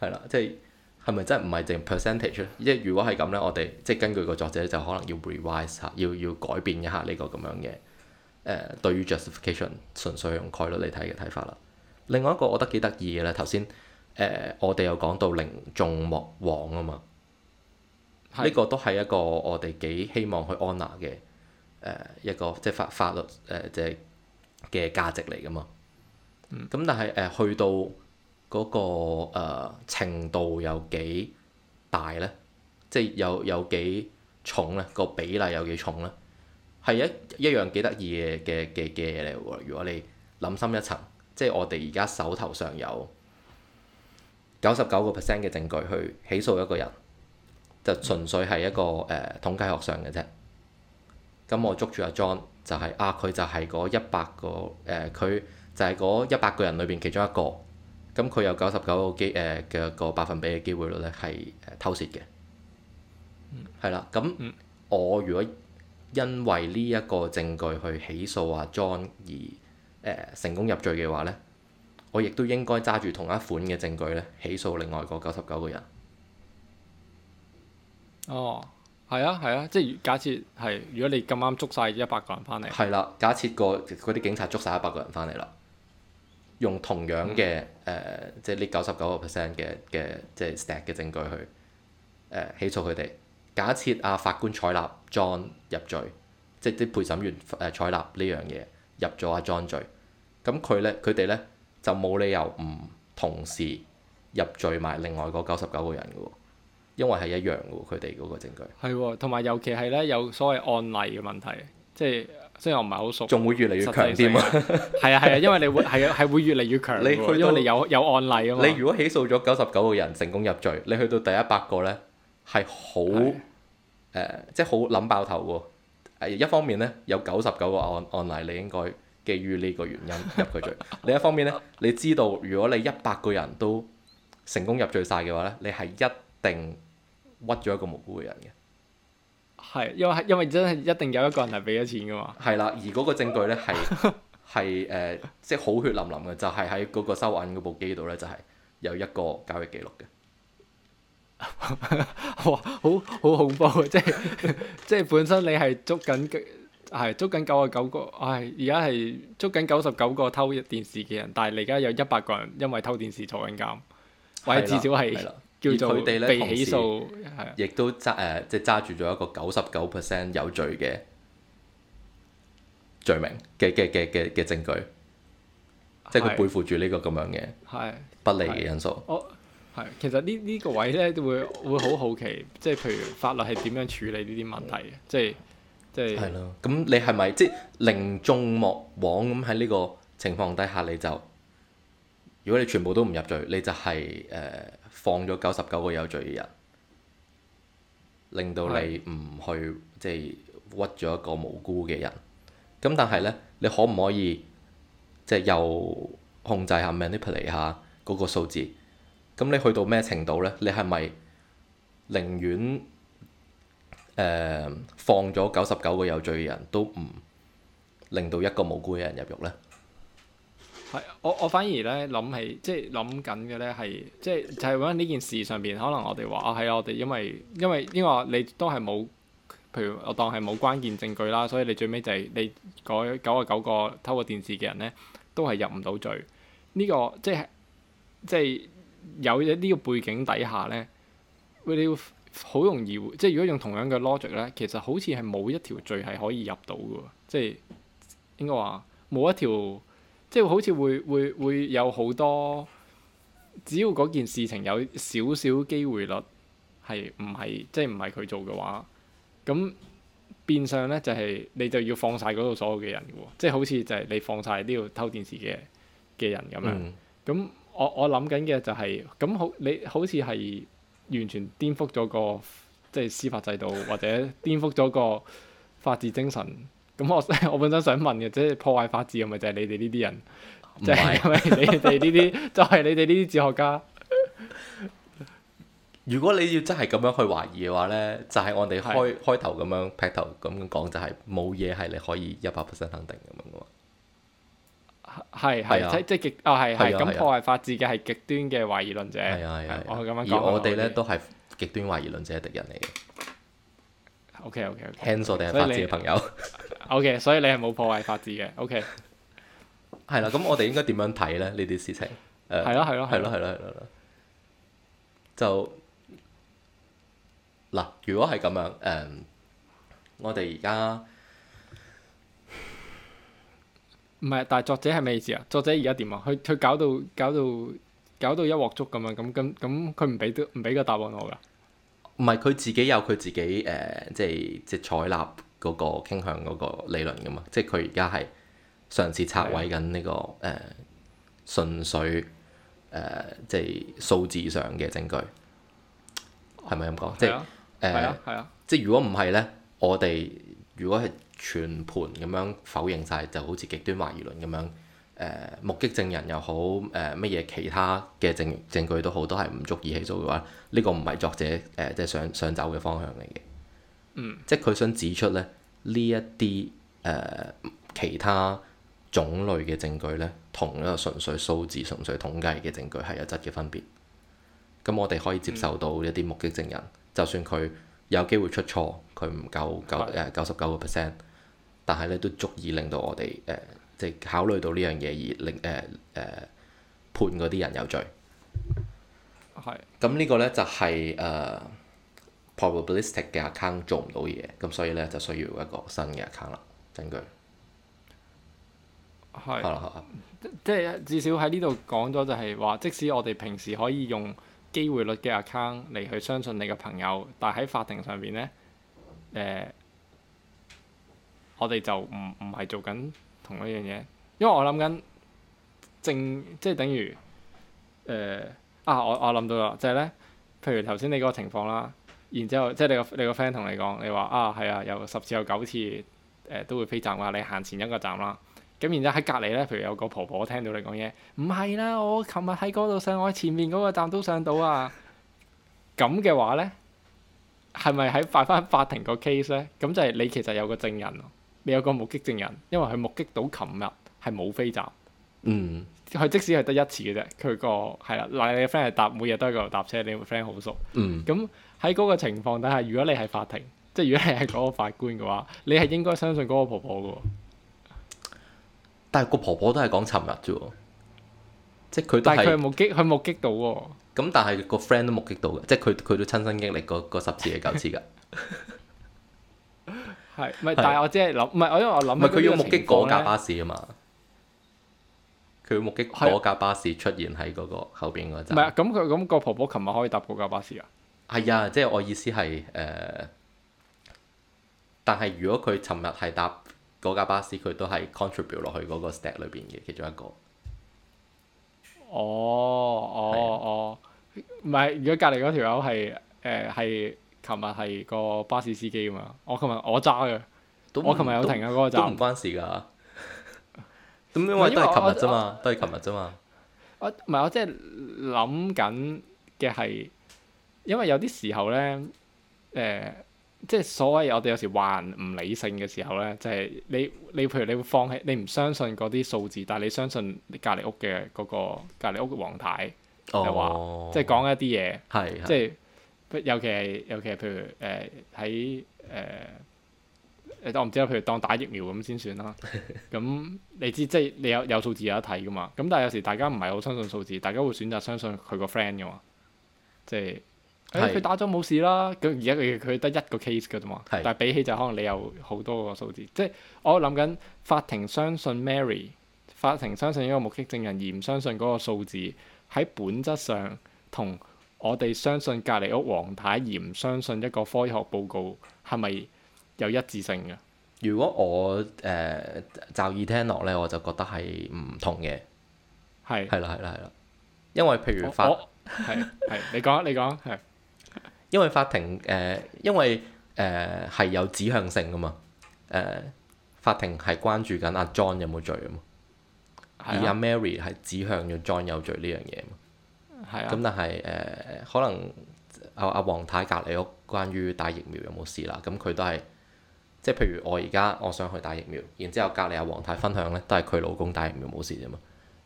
係啦。即係係咪真係唔係淨 percentage？即係如果係咁呢，我哋即係根據個作者就可能要 revise 下，要要改變一下呢個咁樣嘅。誒、呃、對於 justification 純粹用概率嚟睇嘅睇法啦。另外一個我覺得幾得意嘅咧，頭先誒我哋有講到寧縱毋枉啊嘛，呢是個都係一個我哋幾希望去 honour 嘅誒一個即係法法律誒嘅嘅價值嚟噶嘛。咁、嗯嗯、但係誒、呃、去到嗰、那個誒、呃、程度有幾大呢？即係有有幾重呢？個比例有幾重呢？係一一樣幾得意嘅嘅嘅嘢嚟喎！如果你諗深一層，即係我哋而家手頭上有九十九個 percent 嘅證據去起訴一個人，就純粹係一個誒、呃、統計學上嘅啫。咁、嗯、我捉住阿 John 就係、是、啊，佢就係嗰一百個誒，佢、呃、就係嗰一百個人裏邊其中一個。咁、嗯、佢有九十九個機誒嘅個百分比嘅機會率咧係誒偷竊嘅。嗯。係啦，咁、嗯、我如果因為呢一個證據去起訴阿、啊、John 而誒、呃、成功入罪嘅話呢，我亦都應該揸住同一款嘅證據呢，起訴另外嗰九十九個人。哦，係啊，係啊，即係假設係如果你咁啱捉晒一百個人翻嚟，係啦、哦啊，假設個嗰啲警察捉晒一百個人翻嚟啦，用同樣嘅誒、嗯呃，即係呢九十九個 percent 嘅嘅即係 stat 嘅證據去誒、呃、起訴佢哋。假設啊法官採納莊入罪，即係啲陪審員誒採納呢樣嘢入咗啊莊罪，咁佢咧佢哋咧就冇理由唔同時入罪埋另外嗰九十九個人嘅喎，因為係一樣嘅喎，佢哋嗰個證據係喎，同埋尤其係咧有所謂案例嘅問題，即係雖然我唔係好熟，仲會越嚟越強啲啊，係啊係啊，因為你會係係會越嚟越強，你去咗，因為你有有案例啊嘛。你如果起訴咗九十九個人成功入罪，你去到第一百個咧係好。誒、呃，即係好諗爆頭喎！誒、呃，一方面咧有九十九個案案例，你應該基於呢個原因入佢罪； 另一方面咧，你知道如果你一百個人都成功入罪晒嘅話咧，你係一定屈咗一個無辜嘅人嘅。係，因為因為真係一定有一個人係俾咗錢噶嘛。係啦，而嗰個證據咧係係誒，即係好血淋淋嘅，就係喺嗰個收銀嗰部機度咧，就係、是、有一個交易記錄嘅。哇， 好好恐怖！即係即係本身你係捉緊係捉緊九啊九個，唉，而家係捉緊九十九個偷電視嘅人，但係你而家有一百個人因為偷電視坐緊監，或者至少係叫做被起訴，亦的都揸誒、呃，即係揸住咗一個九十九 percent 有罪嘅罪名嘅嘅嘅嘅證據，即係佢背負住呢個咁樣嘅不利嘅因素。係，其實呢呢、這個位呢，會會好好奇，即係譬如法律係點樣處理呢啲問題嘅、哦，即係即係。咁你係咪即係寧縱毋枉咁喺呢個情況底下，你就如果你全部都唔入罪，你就係、是、誒、呃、放咗九十九個有罪嘅人，令到你唔去的即係屈咗一個無辜嘅人。咁但係呢，你可唔可以即係又控制下、manipulate 下嗰個數字？咁你去到咩程度咧？你係咪寧願誒、呃、放咗九十九個有罪嘅人都唔令到一個無辜嘅人入獄咧？係我我反而咧諗起即係諗緊嘅咧係即係就係呢件事上邊，可能我哋話喺我哋因，因為因為呢個你都係冇，譬如我當係冇關鍵證據啦，所以你最尾就係你九個九個偷過電視嘅人咧都係入唔到罪呢、呢個即係即係。有嘅呢個背景底下咧，你會好容易即係如果用同樣嘅 logic 咧，其實好似係冇一條罪係可以入到喎，即係應該話冇一條，即係好似會會會有好多，只要嗰件事情有少少機會率係唔係即係唔係佢做嘅話，咁變相咧就係、是、你就要放晒嗰度所有嘅人喎，即係好似就係你放晒呢度偷電視嘅嘅人咁樣咁。嗯我我諗緊嘅就係、是、咁好，你好似係完全顛覆咗個即係司法制度，或者顛覆咗個法治精神。咁我我本身想問嘅，即係破壞法治係咪就係你哋呢啲人？即係是你哋呢啲，就係 你哋呢啲哲學家。 如果你要真係咁樣去懷疑嘅話呢，就係、是、我哋開的開頭咁樣劈頭咁樣講，就係冇嘢係你可以一百 percent 肯定咁樣。係係即即極啊係咁破壞法治嘅係極端嘅懷疑論者，我咁樣講。而我哋呢都係極端懷疑論者嘅敵人嚟嘅。OK OK OK。Hence 我哋係法治嘅朋友？OK，所以你係冇破壞法治嘅。OK。係啦，咁我哋應該點樣睇咧呢啲事情？係咯係咯係咯係咯係咯。就嗱，如果係咁樣，我哋而家。唔係，但係作者係咩意思啊？作者而家點啊？佢佢搞到搞到搞到一鑊粥咁樣啊！咁咁咁，佢唔俾都唔俾個答案我噶。唔係佢自己有佢自己誒、呃，即係即係採納嗰個傾向嗰個理論噶嘛？即係佢而家係嘗試拆毀緊呢個誒純粹誒即係數字上嘅證據，係咪咁講？的即係誒係啊！即係如果唔係咧，我哋如果係。全盤咁樣否認晒，就好似極端懷疑論咁樣。誒、呃、目擊證人又好，誒乜嘢其他嘅證證據都好，都係唔足以起訴嘅話，呢、這個唔係作者誒即係想想走嘅方向嚟嘅。嗯、即係佢想指出咧，呢一啲誒、呃、其他種類嘅證據咧，同一個純粹數字、純粹統計嘅證據係有質嘅分別。咁我哋可以接受到一啲目擊證人，嗯、就算佢有機會出錯，佢唔夠九誒九十九個 percent。但係咧，都足以令到我哋誒、呃，即係考慮到呢樣嘢而令誒誒、呃呃、判嗰啲人有罪。係是。咁呢個咧就係、是、誒、呃、probabilistic 嘅 account 做唔到嘢，咁所以咧就需要一個新嘅 account 啦。根據。係是。係係。即係至少喺呢度講咗，就係話，即使我哋平時可以用機會率嘅 account 嚟去相信你嘅朋友，但喺法庭上邊咧誒。呃我哋就唔唔係做緊同一樣嘢，因為我諗緊正即係等於誒、呃、啊！我我諗到啦，就係、是、咧，譬如頭先你嗰個情況啦，然之後即係你個你個 friend 同你講，你話啊係啊，有十次有九次誒、呃、都會飛站話你行前一個站啦，咁然之後喺隔離咧，譬如有個婆婆聽到你講嘢，唔係啦，我琴日喺嗰度上，我前面嗰個站都上到啊，咁嘅話咧係咪喺擺翻法庭個 case 咧？咁就係你其實有個證人。你有個目擊證人，因為佢目擊到琴日係冇飛閘。嗯，佢即使係得一次嘅啫。佢、那個係啦，嗱，你個 friend 係搭，每日都喺度搭車，你個 friend 好熟。咁喺嗰個情況底下，如果你係法庭，即係如果你係嗰個法官嘅話，你係應該相信嗰個婆婆嘅。但係個婆婆都係講尋日啫，即係佢。但係佢目擊，佢目擊到喎。咁但係個 friend 都目擊到嘅，即係佢佢都親身經歷過十次嘅九次㗎。 係，唔係，但係我即係諗，唔係我因為我諗。佢要目擊嗰架巴士啊嘛，佢的要目擊嗰架巴士出現喺嗰個後邊嗰陣。唔係啊，咁佢咁個婆婆琴日可以搭嗰架巴士啊？係啊，即係我意思係誒、呃，但係如果佢琴日係搭嗰架巴士，佢都係 contribute 落去嗰個 stack 裏邊嘅其中一個。哦，哦，的哦，唔、哦、係，如果隔離嗰條友係誒係。呃琴日係個巴士司機嘛？我琴日我揸嘅，都我琴日有停喺嗰個站，唔關事㗎啊。咁 因為都係琴日啫嘛，都係琴日啫嘛。我唔係我即係諗緊嘅係，因為有啲時候咧，誒、呃，即、就、係、是、所謂我哋有時話人唔理性嘅時候咧，就係、是、你你譬如你會放棄，你唔相信嗰啲數字，但係你相信你隔離屋嘅嗰個隔離屋嘅王太就話，即係講一啲嘢，係即係。尤其係，尤其係，譬如誒喺誒誒，當、呃、唔、呃、知啦，譬如當打疫苗咁先算啦。咁 你知即係、就是、你有有數字有得睇噶嘛？咁但係有時大家唔係好相信數字，大家會選擇相信佢個 friend 噶嘛？即、就、係、是，佢、哎、打咗冇事啦。咁而家佢佢得一個 case 噶啫嘛。但係比起就可能你有好多個數字。 即係我諗緊法庭相信 Mary，法庭相信一個目擊證人而唔相信嗰個數字，喺本質上同。我哋相信隔離屋黃太，太，而唔相信一個科學報告係咪有一致性嘅？如果我誒就耳聽落咧，我就覺得係唔同嘅。係係啦係啦係啦，因為譬如法係係、哦哦、你講你講係，因為法庭誒、呃、因為誒係、呃、有指向性噶嘛誒、呃，法庭係關注緊阿 John 有冇罪啊嘛，啊而阿 Mary 係指向咗 John 有罪呢樣嘢。咁、啊、但係誒、呃、可能阿阿、啊、黃太隔離屋關於打疫苗有冇事啦？咁佢都係即係譬如我而家我想去打疫苗，然之後隔離阿黃太分享呢，都係佢老公打疫苗冇事啫嘛。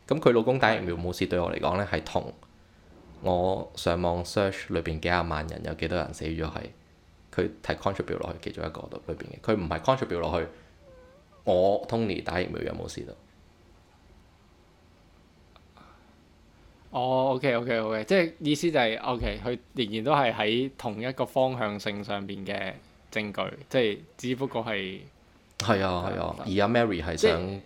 咁佢老公打疫苗冇事，對我嚟講呢，係同我上網 search 裏邊幾廿萬人有幾多人死咗係佢提 contribute 落去其中一個度裏邊嘅，佢唔係 contribute 落去，我 Tony 打疫苗有冇事咯？哦、oh,，OK，OK，OK，、okay, okay, okay. 即係意思就係、是、OK，佢仍然都係喺同一個方向性上邊嘅證據，即係只不過係係啊係啊，而阿 Mary 係想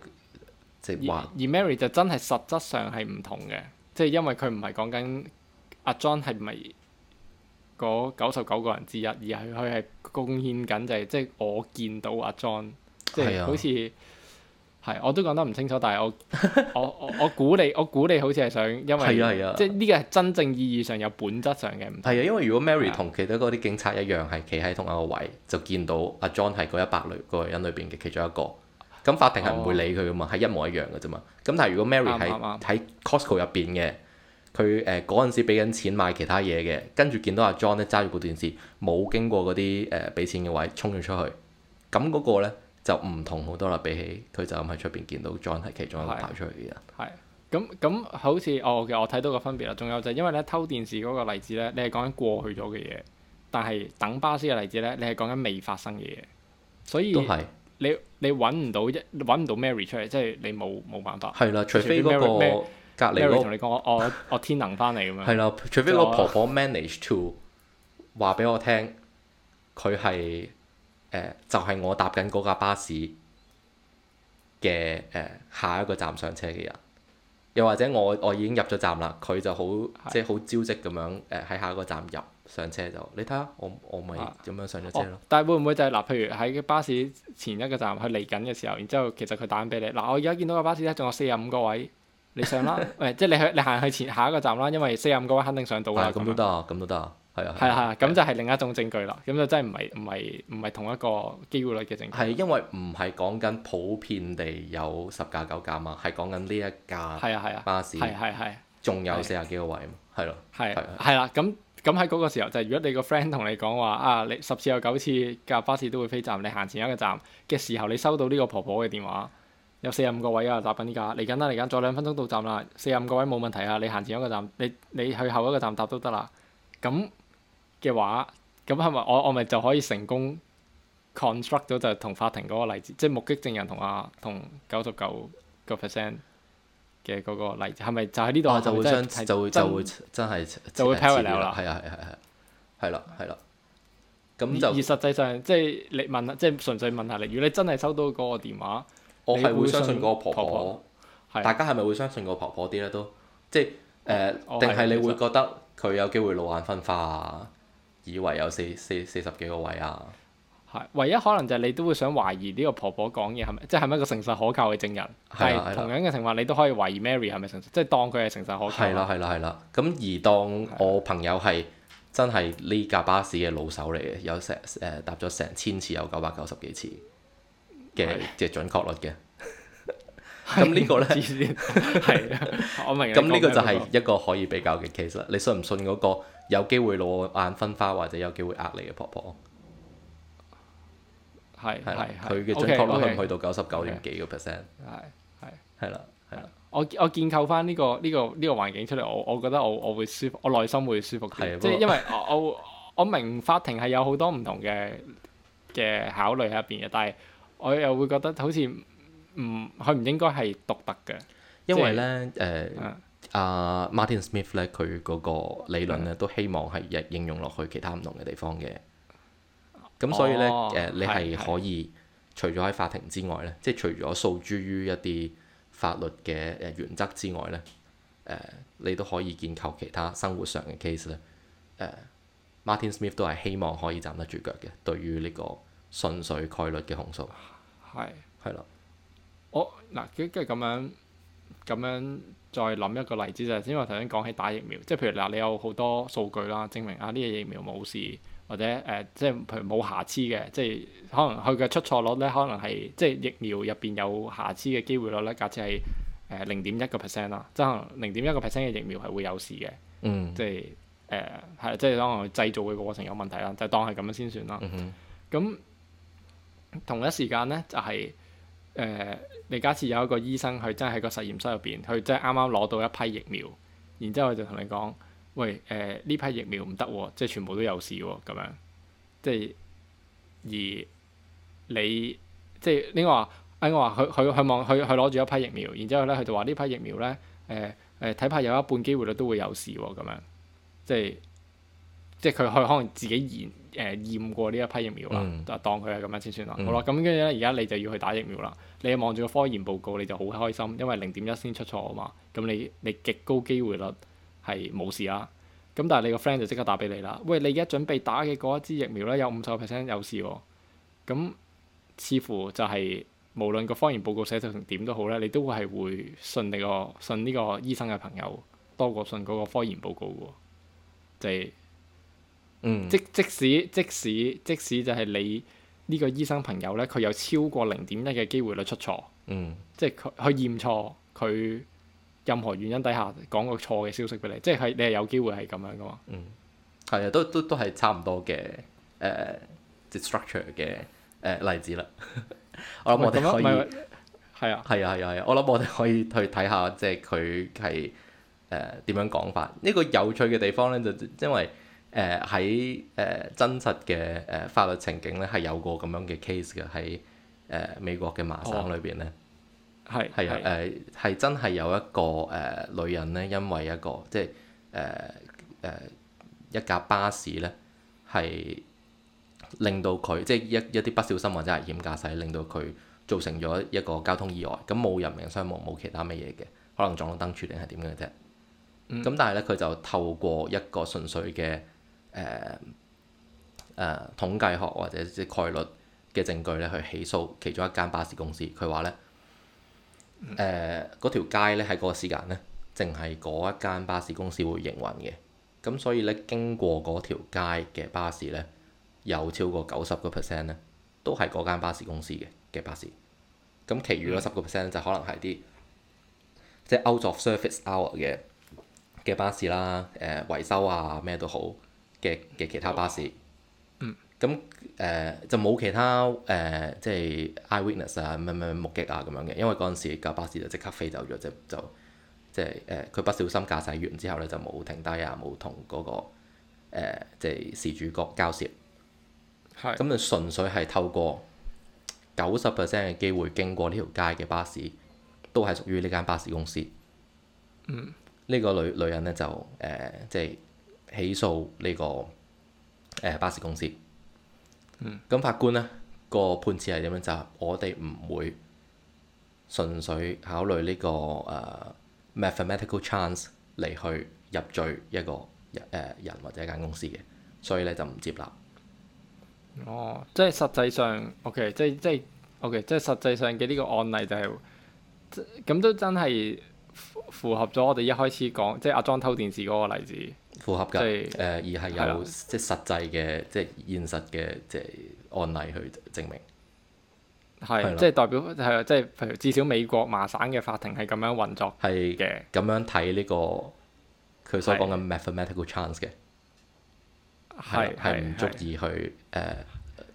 即,即而,而 Mary 就真係實質上係唔同嘅，即係因為佢唔係講緊阿 John 係唔係嗰九十九個人之一，而係佢係貢獻緊就係即係我見到阿、啊、John，、啊、即係好似。係，我都講得唔清楚，但係我 我我估你，我估你好似係想，因為、 啊啊、即係呢個係真正意義上有本質上嘅唔同。啊，因為如果 Mary 同其他嗰啲警察一樣係企喺同一個位，啊、就見到阿 John 係嗰一百類嗰、嗰個人裏邊嘅其中一個，咁法庭係唔會理佢噶嘛，係、哦、一模一樣噶啫嘛。咁但係如果 Mary 係喺 Costco 入邊嘅，佢誒嗰陣時俾緊錢買其他嘢嘅，跟住見到阿 John 揸住部電視，冇經過嗰啲誒俾錢嘅位，衝咗出去，咁嗰個咧。就唔同好多啦，比起佢就咁喺出邊見到 John 係其中一個跑出去嘅人。係，咁咁好似哦嘅，我睇到個分別啦。仲有就係因為咧偷電視嗰個例子咧，你係講緊過去咗嘅嘢，但係等巴士嘅例子咧，你係講緊未發生嘅嘢。所以你是你揾唔到一揾唔到 Mary 出嚟，即係你冇冇辦法。係啦，除非嗰個隔離嗰個同你講我我天能翻嚟咁樣。係啦，除非個婆婆 manage to 話俾我聽佢係。誒、呃、就係、是、我搭緊嗰架巴士嘅誒、呃、下一個站上車嘅人，又或者我我已經入咗站啦，佢就好是即係好招職積咁樣誒喺下一個站入上車就，你睇下我我咪咁樣上咗車咯、啊哦。但係會唔會就係、是、嗱，譬如喺巴士前一個站去嚟緊嘅時候，然之後其實佢打緊俾你嗱，我而家見到個巴士咧，仲有四十五個位，你上啦， 即係你去你行去前下一個站啦，因為四十五個位肯定上到啦。係咁都得啊，咁都得啊。係啊，係啊，係啊。咁就係另一種證據啦。咁就真係唔係唔係唔係同一個機會率嘅證據。係因為唔係講緊普遍地有十架九架嘛，係講緊呢一架巴士，係啊係啊，仲有四十幾個位嘛，係咯，係係啦。咁咁喺嗰個時候，就係如果你個 friend 同你講話啊，你十次有九次架巴士都會飛站，你行前一個站嘅時候，你收到呢個婆婆嘅電話，有四十五個位啊，搭緊呢架，嚟緊啦嚟緊，再兩分鐘到站啦，四十五個位冇問題啊，你行前一個站，你你去後一個站搭都得啦。咁嘅話，咁係咪我我咪就可以成功 construct 咗就同法庭嗰、就是、個例子，即係目擊證人同啊同九十九個 percent 嘅嗰個例子係咪就喺呢度？就會相就會就會真係就會 parallel 啦，係啊，係係係係啦係啦。咁而實際上即係你問即係純粹問下，例如你真係收到嗰個電話，我係會相信嗰個婆婆，婆、婆大家係咪會相信個婆婆啲咧？都即係誒，定係、네、你會覺得佢有機會老眼昏花啊？以為有四四四十幾個位啊，係唯一可能就係你都會想懷疑呢個婆婆講嘢係咪，即係係咪一個誠實可靠嘅證人？係、啊啊、同樣嘅情況，你都可以懷疑 Mary 係咪誠實，即係當佢係誠實可靠。係啦係啦係啦，咁、啊啊、而當我朋友係真係呢架巴士嘅老手嚟嘅，有成誒、呃、搭咗成千次，有九百九十幾次嘅即係準確率嘅。咁呢個咧，係我明。咁呢個就係一個可以比較嘅 case 啦。你信唔信嗰個有機會老眼昏花或者有機會呃你嘅婆婆？係，係佢嘅準確率去唔去到九十九點幾個 percent？係係係啦，我我建構翻呢個呢個呢個環境出嚟，我我覺得我我會舒服，我內心會舒服啲。即係因為我我明法庭係有好多唔同嘅嘅考慮喺入邊嘅，但係我又會覺得好似。唔，佢唔應該係獨特嘅，因為咧，誒、就是呃、啊，Martin Smith 咧，佢嗰個理論咧，的都希望係應應用落去其他唔同嘅地方嘅。咁、哦、所以咧，誒、哦，你係可以的除咗喺法庭之外咧，即係除咗訴諸於一啲法律嘅誒原則之外咧，誒、呃，你都可以建構其他生活上嘅 case 咧。誒、呃，Martin Smith 都係希望可以站得住腳嘅，對於呢個純粹概率嘅控訴。係的，係啦。我嗱，跟住咁樣，咁樣再諗一個例子就係，因為頭先講起打疫苗，即係譬如嗱，你有好多數據啦，證明啊呢個、這個、疫苗冇事，或者誒、呃，即係譬如冇瑕疵嘅，即係可能佢嘅出錯率咧，可能係即係疫苗入邊有瑕疵嘅機會率咧，假設係誒零點一個 percent 啦，即係可能零點一個 percent 嘅疫苗係會有事嘅、嗯呃，即係誒係即係可能製造嘅過程有問題啦，就當係咁樣先算啦。咁、嗯、哼同一時間咧就係、是。誒、呃，你假設有一個醫生，佢真係喺個實驗室入邊，佢真係啱啱攞到一批疫苗，然之後佢就同你講，喂，誒、呃、呢批疫苗唔得喎，即係全部都有事喎、啊，咁樣，即係而你即係你話，誒、哎、我話佢佢佢望佢佢攞住一批疫苗，然之後咧佢就話呢批疫苗咧，誒誒睇怕有一半機會都會有事喎、啊，咁樣，即係。即係佢去可能自己驗誒、呃、驗過呢一批疫苗啦，就、嗯、當佢係咁樣先算咯。嗯、好啦，咁跟住咧，而家你就要去打疫苗啦。你望住、哦、個，個科研報告，你就好開心，因為零點一先出錯啊嘛。咁你你極高機會率係冇事啦。咁但係你個 friend 就即刻打俾你啦。喂，你而家準備打嘅嗰一支疫苗咧，有五十個 percent 有事喎。咁似乎就係無論個科研報告寫到成點都好咧，你都會係會信呢個信呢個醫生嘅朋友多過信嗰個科研報告嘅。就係、是。即即使即使即使就係你呢個醫生朋友咧，佢有超過零點一嘅機會率出錯，嗯、即係佢佢驗錯，佢任何原因底下講個錯嘅消息俾你，即係你係有機會係咁樣㗎嘛？嗯，係啊，都都都係差唔多嘅誒 the structure 嘅誒例子啦。 我諗我哋可以係啊係 啊係啊，係啊，係啊，係啊！我諗我哋可以去睇下，即係佢係誒點樣講法。呢、呢個有趣嘅地方咧，就因為，因為誒喺誒真實嘅誒、呃、法律情景呢，係有個咁樣嘅 case 嘅，喺誒美國嘅麻省裏邊呢，係係誒真係有一個誒、呃、女人呢，因為一個即係誒誒一架巴士呢，係令到佢即係一一啲不小心或者危險駕駛，令到佢造成咗一個交通意外咁，冇人命傷亡，冇其他乜嘢嘅，可能撞到燈柱定係點嘅啫。咁、嗯、但係呢，佢就透過一個純粹嘅。誒誒、uh, uh, 統計學或者即係概率嘅證據呢，去起訴其中一間巴士公司。佢話呢誒、呃，嗰條街呢，喺嗰個時間呢，淨係嗰一間巴士公司會營運嘅。咁所以呢，經過嗰條街嘅巴士呢，有超過九十個 percent 呢都係嗰間巴士公司嘅嘅巴士。咁，其餘嗰十個 percent 就可能係啲即係 out of service hour 嘅嘅巴士啦。誒、呃，維修啊，咩都好。嘅嘅其他巴士，嗯，咁誒、呃、就冇其他誒、呃，即係 eyewitness 啊，咩咩目擊啊咁樣嘅，因為嗰陣時架巴士就即刻飛走咗啫，就即係誒佢不小心駕駛完之後咧就冇停低啊，冇同嗰個誒、呃、即係事主角交涉，係是，咁就純粹係透過九十 percent 嘅機會經過呢條街嘅巴士，都係屬於呢間巴士公司，呢、嗯、個女女人咧就誒、呃、即係。起訴呢個誒巴士公司，咁、嗯、法官呢個判詞係點樣？就係我哋唔會純粹考慮呢個誒 mathematical chance 嚟去入罪一個誒人或者間公司嘅，所以呢就唔接納。哦，即係實際上，OK，即即 OK，即實際上嘅呢個案例就係，咁都真係。符合咗我哋一開始講，即係阿莊偷電視嗰個例子，符合㗎，誒而係有即係實際嘅，即係現實嘅即係案例去證明，係即係代表係即係譬如至少美國麻省嘅法庭係咁樣運作，係嘅，咁樣睇呢個佢所講嘅 mathematical chance 嘅，係係唔足以去誒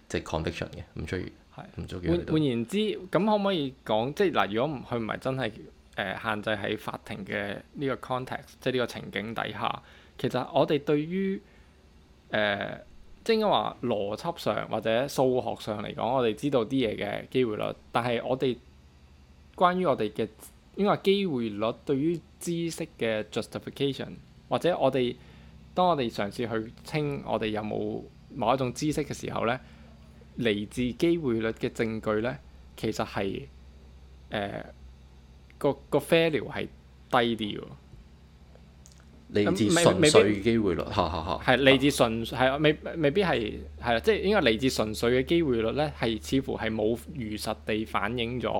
即係 conviction 嘅，唔足以係唔足以。換換言之，咁可唔可以講即係嗱？如果佢唔係真係誒、呃、限制喺法庭嘅呢個 context，即係呢個情景底下，其實我哋對於誒、呃，即係應該話邏輯上或者數學上嚟講，我哋知道啲嘢嘅機會率，但係我哋關於我哋嘅應該話機會率對於知識嘅 justification，或者我哋當我哋嘗試去稱我哋有冇某一種知識嘅時候咧，嚟自機會率嘅證據咧，其實係誒。呃個個 failure 係低啲喎，嚟自純粹嘅機會率，係嚟自純係啊，未必 未，未必係係啦，即係應該嚟自純粹嘅機會率咧，係似乎係冇如實地反映咗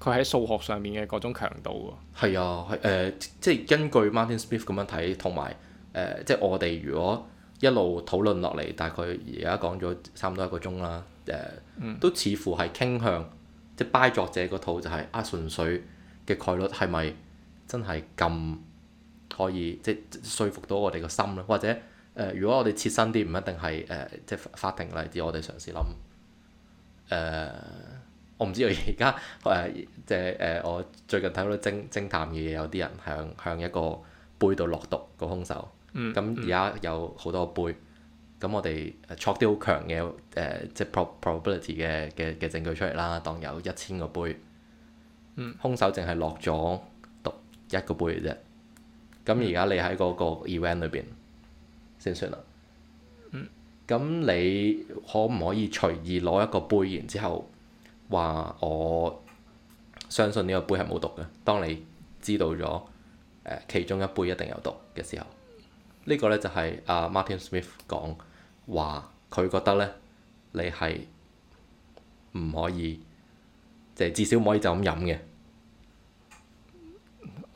佢喺數學上面嘅嗰種強度喎。係啊，誒、呃，即係根據 Martin Smith 咁樣睇，同埋誒，即係我哋如果一路討論落嚟，大概而家講咗差唔多一個鐘啦，誒、呃，都似乎係傾向即係 by 作者嗰套就係、是、啊純粹。嘅概率係咪真係咁可以即係說服到我哋個心呢？或者誒、呃，如果我哋切身啲，唔一定係誒、呃，即係法庭嘅例子，我哋嘗試諗誒、呃，我唔知道而家誒即係誒，我、呃、最近睇到偵、偵探嘅嘢，有啲人向向一個杯度落毒個兇手，咁而家有好多杯，咁、嗯嗯、我哋撮啲好強嘅誒、呃，即係 probability 嘅嘅嘅證據出嚟啦，當有一千個杯。兇手淨係落咗毒一個杯嘅啫，咁而家你喺嗰個 event 裏邊先算啦。咁、嗯、你可唔可以隨意攞一個杯，然之後話我相信呢個杯係冇毒嘅？當你知道咗其中一杯一定有毒嘅時候，呢、呢個呢就係阿 Martin Smith 講話，佢覺得呢，你係唔可以。即係至少唔可以就咁飲嘅，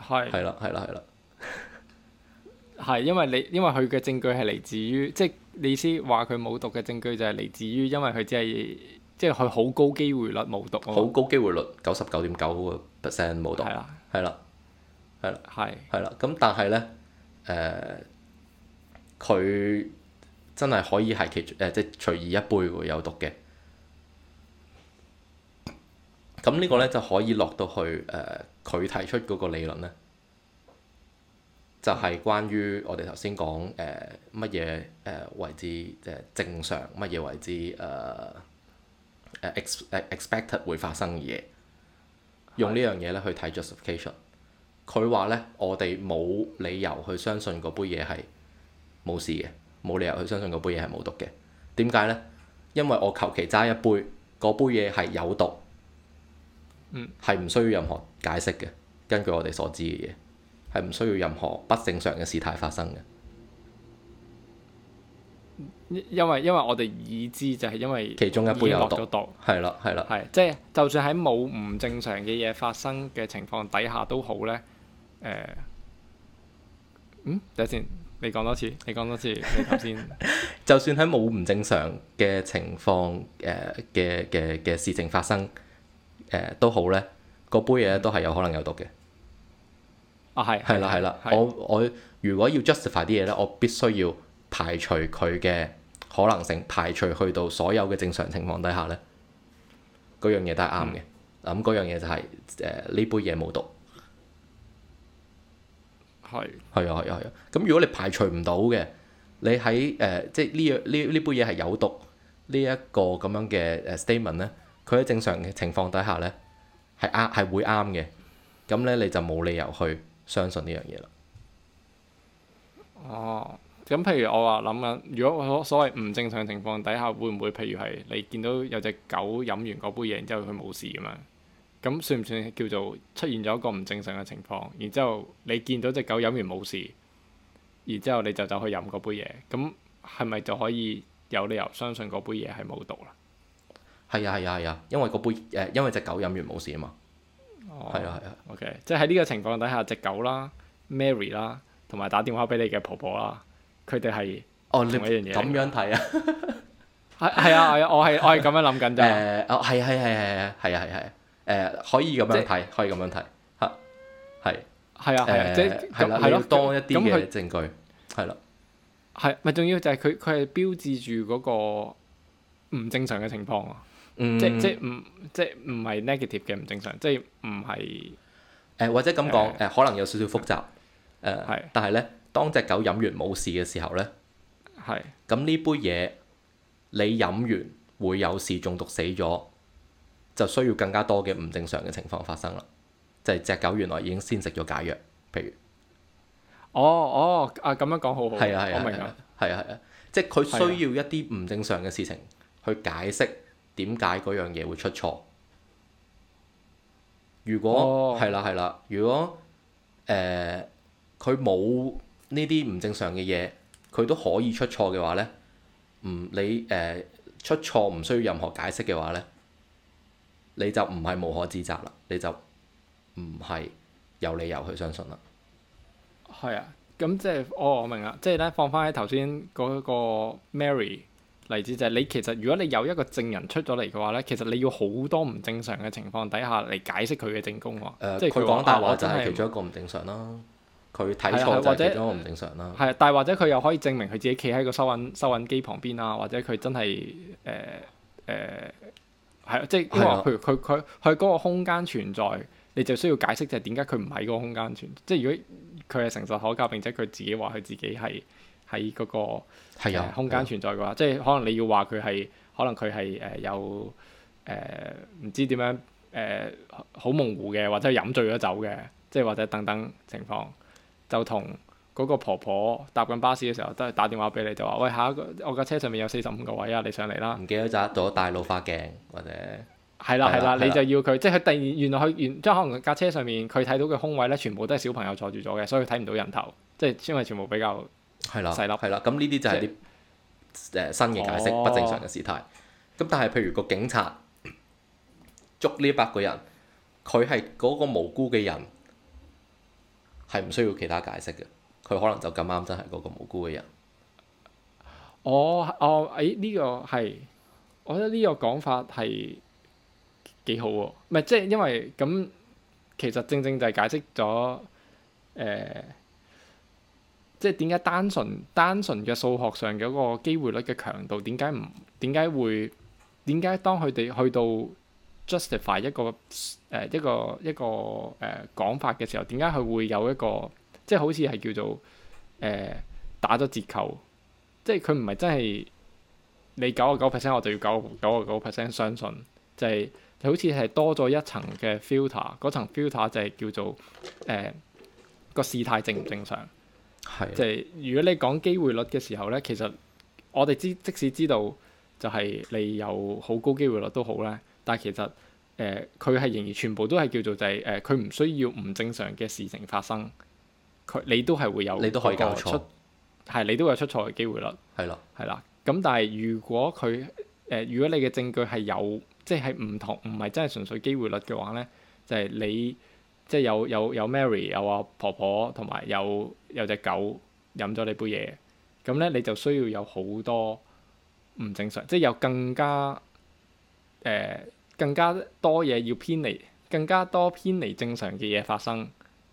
係係啦，係啦，係啦，係 因為你因為佢嘅證據係嚟自於，即係你意思話佢冇毒嘅證據就係嚟自於，因為佢只係即係佢好高機會率冇毒嘅，好高機會率九十九點九個 percent 冇毒，係啦，係啦，係啦，係啦，咁但係咧誒，佢、呃、真係可以係其誒即係隨意一杯會有毒嘅。咁呢個呢，就可以落到去誒，佢、呃、提出嗰個理論呢就係、是、關於我哋頭先講誒乜嘢誒為之即係正常乜嘢為之誒誒、呃、ex expected 會發生嘅嘢，用呢樣嘢呢去睇 justification。佢話的呢：「我哋冇理由去相信嗰杯嘢係冇事嘅，冇理由去相信嗰杯嘢係冇毒嘅。」點解呢？因為我求其揸一杯嗰杯嘢係有毒。嗯，係唔需要任何解釋嘅。根據我哋所知嘅嘢，係唔需要任何不正常嘅事態發生嘅。因為因為我哋已知就係因為其中一杯有毒，係啦係啦，係即係就算喺冇唔正常嘅嘢發生嘅情況底下都好咧。誒、呃，嗯，等下先，你講多次，你講多次，你頭先 就算喺冇唔正常嘅情況誒嘅嘅嘅事情發生。誒都好呢，嗰杯嘢都係有可能有毒嘅。啊係，係啦係啦，我我如果要 justify 啲嘢呢，我必須要排除佢嘅可能性，排除去到所有嘅正常情況底下呢，嗰樣嘢都係啱嘅。嗱咁嗰樣嘢就係誒呢杯嘢冇毒。係係啊係啊係啊，咁如果你排除唔到嘅，你喺誒、呃、即係呢樣呢呢杯嘢係有毒呢一、這個咁樣嘅誒 statement 呢。佢喺正常嘅情況底下呢，係啱係會啱嘅，咁呢，你就冇理由去相信呢樣嘢啦。哦，咁譬如我話諗緊，如果所所謂唔正常嘅情況底下，會唔會譬如係你見到有隻狗飲完嗰杯嘢然之後佢冇事咁樣，咁算唔算叫做出現咗一個唔正常嘅情況？然之後你見到隻狗飲完冇事，然之後你就走去飲嗰杯嘢，咁係咪就可以有理由相信嗰杯嘢係冇毒啦？係啊，係啊，係啊，因為個杯誒，因為隻狗飲完冇事啊嘛。係啊，係啊。O K，即係喺呢個情況底下，隻狗啦，Mary 啦，同埋打電話俾你嘅婆婆啦，佢哋係同一樣嘢。咁樣睇啊？係係啊，我係我係咁樣諗緊啫。誒，係係係係係係啊係係誒，可以咁樣睇，可以咁樣睇嚇，係係啊誒，係啦，多一啲嘅證據係啦，係咪？仲要就係佢佢係標誌住嗰個唔正常嘅情況啊。即即唔即唔係 negative 嘅唔正常，即唔係誒或者咁講誒，可能有少少複雜誒。係，但係咧，當隻狗飲完冇事嘅時候咧，係咁呢杯嘢你飲完會有事中毒死咗，就需要更加多嘅唔正常嘅情況發生啦。就係隻狗原來已經先食咗解藥，譬如哦哦啊，咁樣講好好，係啊係啊，我明啦，係啊係啊，即係佢需要一啲唔正常嘅事情去解釋。點解嗰樣嘢會出錯？如果係啦係啦，如果誒佢冇呢啲唔正常嘅嘢，佢都可以出錯嘅話咧，唔、呃、你誒、呃、出錯唔需要任何解釋嘅話咧，你就唔係無可指責啦，你就唔係有理由去相信啦。係啊，咁即係哦，我明啦，即係咧放翻喺頭先嗰個 Mary。例子就係你其實，如果你有一個證人出咗嚟嘅話咧，其實你要好多唔正常嘅情況底下嚟解釋佢嘅證供喎、啊。呃、即係佢講大話，真係其中一個唔正常啦、啊。佢睇錯就係其中一個唔正常啦、啊。係啊，啊，但係或者佢又可以證明佢自己企喺個收銀收銀機旁邊啊，或者佢真係誒誒係啊，即係譬如佢佢佢嗰個空間存在，你就需要解釋就係點解佢唔喺嗰個空間存在？即係如果佢係誠實可靠，並且佢自己話佢自己係。喺嗰、嗰個的、呃、空間存在嘅話，的即係可能你要話佢係可能佢係誒有誒唔、呃、知點樣誒好、呃、模糊嘅，或者飲醉咗酒嘅，即係或者等等情況，就同嗰個婆婆搭緊巴士嘅時候都係打電話俾你就，就話喂下一個我架車上面有四十五個位啊，你上嚟啦。唔記得咗帶老花鏡或者係啦係啦，你就要佢即係佢突然原來佢原即係可能架車上面佢睇到嘅空位咧，全部都係小朋友坐住咗嘅，所以佢睇唔到人頭，即係因為全部比較。係啦，係啦，咁呢啲就係啲誒新嘅解釋，哦、不正常嘅事態。咁但係，譬如個警察捉呢一百個人，佢係嗰個無辜嘅人，係唔需要其他解釋嘅。佢可能就咁啱真係嗰個無辜嘅人。哦哦，誒、哎、呢、呢個係，我覺得呢個講法係幾好喎。唔係即係因為咁，其實正正就係解釋咗誒。呃即係點解單純單純嘅數學上嘅嗰個機會率嘅強度，點解唔點解會點解當佢哋去到 justify 一個誒、呃、一個一個誒講、呃、法嘅時候，點解佢會有一個即係好似係叫做誒、呃、打咗折扣，即係佢唔係真係你九十九 percent 我就要九十九十 percent 相信，就係、就、好似係多咗一層嘅 filter，嗰層 filter 就係叫做誒個、呃、事態正唔正常？即係、就係、如果你講機會率嘅時候咧，其實我哋知即使知道就係你有好高機會率都好咧，但係其實誒佢係仍然全部都係叫做就係誒佢唔需要唔正常嘅事情發生，佢你都係會，會有出係你都有出錯嘅機會率，係啦的。咁但係如果佢誒、呃、如果你嘅證據係有即係唔同，唔係真係純粹機會率嘅話咧，就係、係、你。即係有有有 Mary 有阿婆婆同埋有有、有隻狗飲咗你杯嘢，咁咧你就需要有好多唔正常，即係有更加誒、呃、更加多嘢要偏離，更加多偏離正常嘅嘢發生，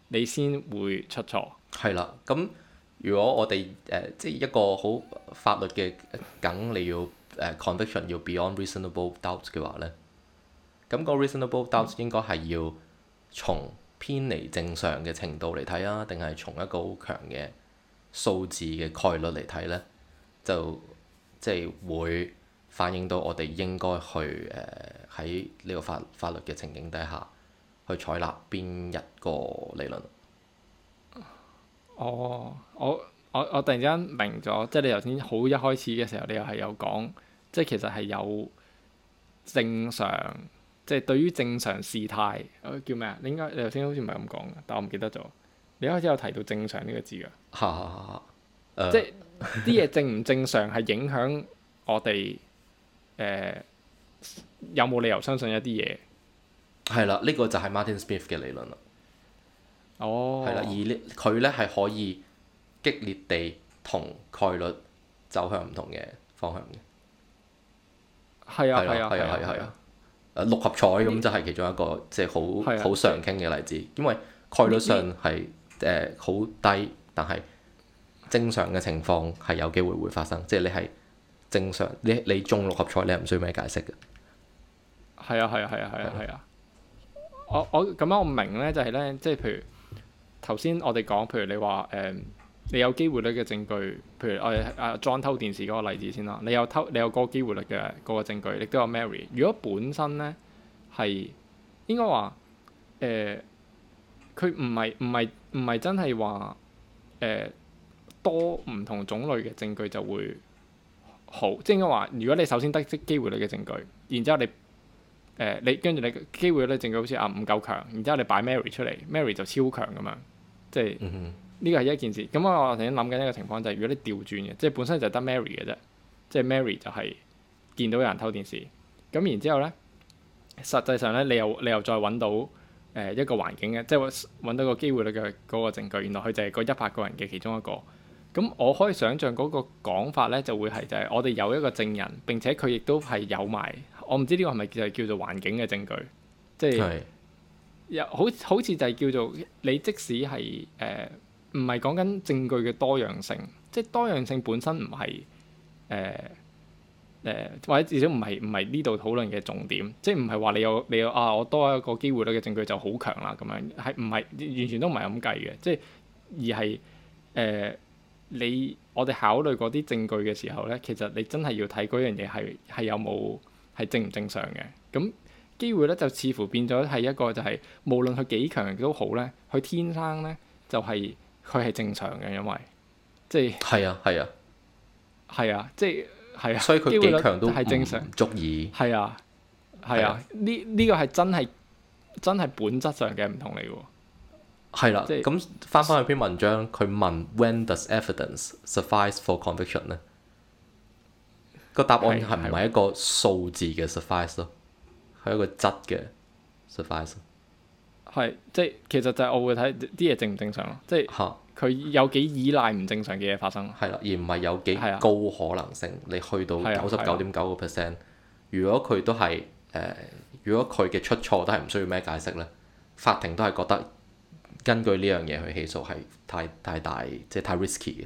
你先會出錯。係啦，咁如果我哋誒、呃、即係一個好法律嘅梗，你要誒 conviction 要 beyond reasonable doubt 嘅話咧，咁，個 reasonable doubt 應該係要從偏離正常嘅程度嚟睇啊，定係從一個好強嘅數字嘅概率嚟睇咧？就即係會反映到我哋應該去誒喺呢個法法律嘅情景底下，去採納邊一個理論。哦，我我我突然之間明咗，即係你頭先好一開始嘅時候，你又係有講，即係其實係有正常。即係對於正常事態，叫咩啊？你應該你頭先好似唔係咁講，但我唔記得咗。你開始有提到正常呢個字嘅，啊呃、即係啲嘢正唔正常係影響我哋、呃、有冇理由相信一啲嘢？係啦，呢、呢個就係 Martin Smith 嘅理論啦。哦，係啦，而佢咧係可以激烈地同概率走向唔同嘅方向嘅。係啊！係啊！係啊！係啊！六合彩咁就係其中一個即係好好常傾嘅例子，因為概率上係誒好低，但係正常嘅情況係有機會會發生，即係你係正常，你你中六合彩你係唔需要咩解釋嘅。係啊，係啊，係啊，係啊，係啊！啊啊啊啊啊我我咁樣我唔明咧就係、是、咧，即係譬如頭先我哋講，譬如你話誒。呃你有機會率嘅證據，譬如我啊 John 偷電視嗰個例子先啦。你有偷你有高機會率嘅嗰個證據，亦都有 Mary。如果本身咧係應該話誒，佢唔係唔係唔係真係話誒多唔同種類嘅證據就會好，即係應該話，如果你首先得啲機會率嘅證據，然之後你誒、呃、你跟住你機會率證據好似啊唔夠強，然之後你擺 Mary 出嚟，Mary 就超強咁樣，即係、嗯。呢個係一件事咁，我頭先諗緊一個情況，就係、是、如果你調轉嘅，即係本身就得 Mary 嘅啫，即係 Mary 就係見到有人偷電視咁。然之後咧，實際上咧，你又你又再揾到誒、呃、一個環境嘅，即係揾到個機會率嘅嗰個證據，原來佢就係嗰一百個人嘅其中一個。咁我可以想像嗰個講法咧，就會係就係我哋有一個證人，並且佢亦都係有埋。我唔知呢個係咪就叫做環境嘅證據，即係是有好好似就係叫做你即使係誒。呃唔係講緊證據嘅多樣性，即係多樣性本身唔係誒誒，或者至少唔係唔係呢度討論嘅重點，即係唔係話你有你有啊，我多一個機會率嘅證據就好強啦咁樣，係唔係完全都唔係咁計嘅，即係而係誒、呃、你我哋考慮嗰啲證據嘅時候咧，其實你真係要睇嗰樣嘢係係有冇係正唔正常嘅，咁機會咧就似乎變咗係一個就係、是、無論佢幾強都好咧，佢天生咧就係、是。佢係正常嘅，因為即係係啊，係啊，係啊，即係係啊，所以佢幾強都唔足以，係啊，係啊，呢呢個係真係真係本質上嘅唔同嚟嘅喎。係啦，咁翻返去篇文章，佢問：When does evidence suffice for conviction 咧？個答案係唔係一個數字嘅 suffice 咯？係一個質嘅 suffice。係，即係其實就係我會睇啲嘢正唔正常咯、啊，即係佢有幾依賴唔正常嘅嘢發生、啊。係啦、啊，而唔係有幾高可能性的你去到九十九點九個 percent，如果佢都係誒、呃，如果佢嘅出錯都係唔需要咩解釋咧，法庭都係覺得根據呢樣嘢去起訴係太太大，即係太 risky 嘅。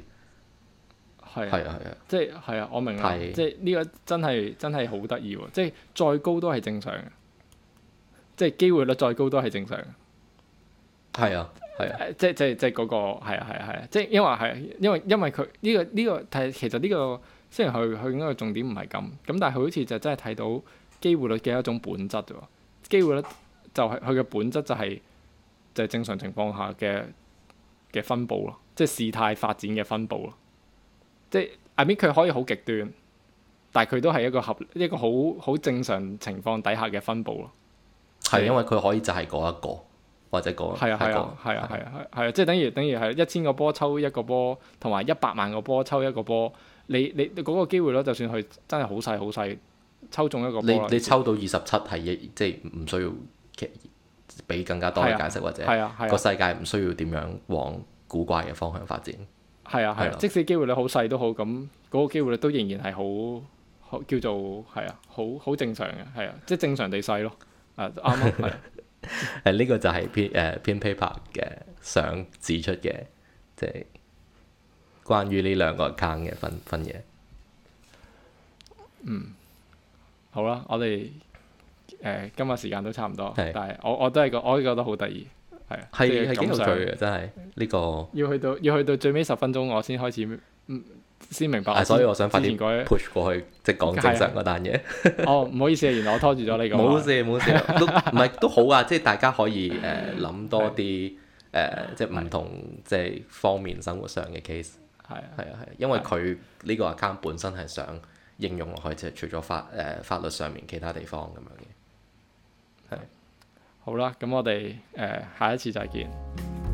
係啊的，係啊的，即係係啊，我明啦但，即係呢個真係真係好得意喎！即係再高都係正常嘅，即係機會率再高都係正常。係啊，係啊，即係即係即係嗰個，係啊係啊係啊，即係因為係，因為因為佢呢個呢個，但係其實呢個雖然佢佢應該個重點唔係咁，咁但係佢好似就真係睇到機會率嘅一種本質啫喎，機會率就係佢嘅本質就係就係正常情況下嘅嘅分佈咯，即係事態發展嘅分佈咯，即係 I mean 佢可以好極端，但係佢都係一個合一個好好正常情況底下嘅分佈咯，係因為佢可以就係嗰一個。或者個係啊係啊係啊係啊係啊，即係等於等於係一千個波抽一個波，同埋一百萬個波抽一個波。你你嗰個機會率咯，就算佢真係好細好細，抽中一個波。你你抽到二十七係一，即係唔需要俾更加多嘅解釋，或者個世界唔需要點樣往古怪嘅方向發展。係啊係，即使機會率好細都好，咁嗰個機會率都仍然係好，叫做係啊，好好正常嘅，係啊，即係正常地細咯。誒啱啊，誒呢 個就係篇誒 paper 嘅想指出嘅，即係關於呢兩個 account 嘅分分嘢。嗯 ，好啦、呃，是，我哋誒今日時間都差唔多，但係我我都係覺，我覺得好得意，係啊，係係幾有趣嘅是，真係呢是這個要。要去到要去到最尾十分鐘，我先開始嗯。先明白，所以我想快啲 push 過去，即係講正常嗰單嘢。哦，唔好意思，原來我拖住咗你講。冇事冇事，都唔係都好啊，即係大家可以誒諗多啲誒，即係唔同即係方面生活上嘅 case。係啊，係啊，係啊，因為佢呢個 account 本身係想應用落去，即係除咗法誒法律上面其他地方咁樣嘅。係。好啦，咁我哋誒下一次再見。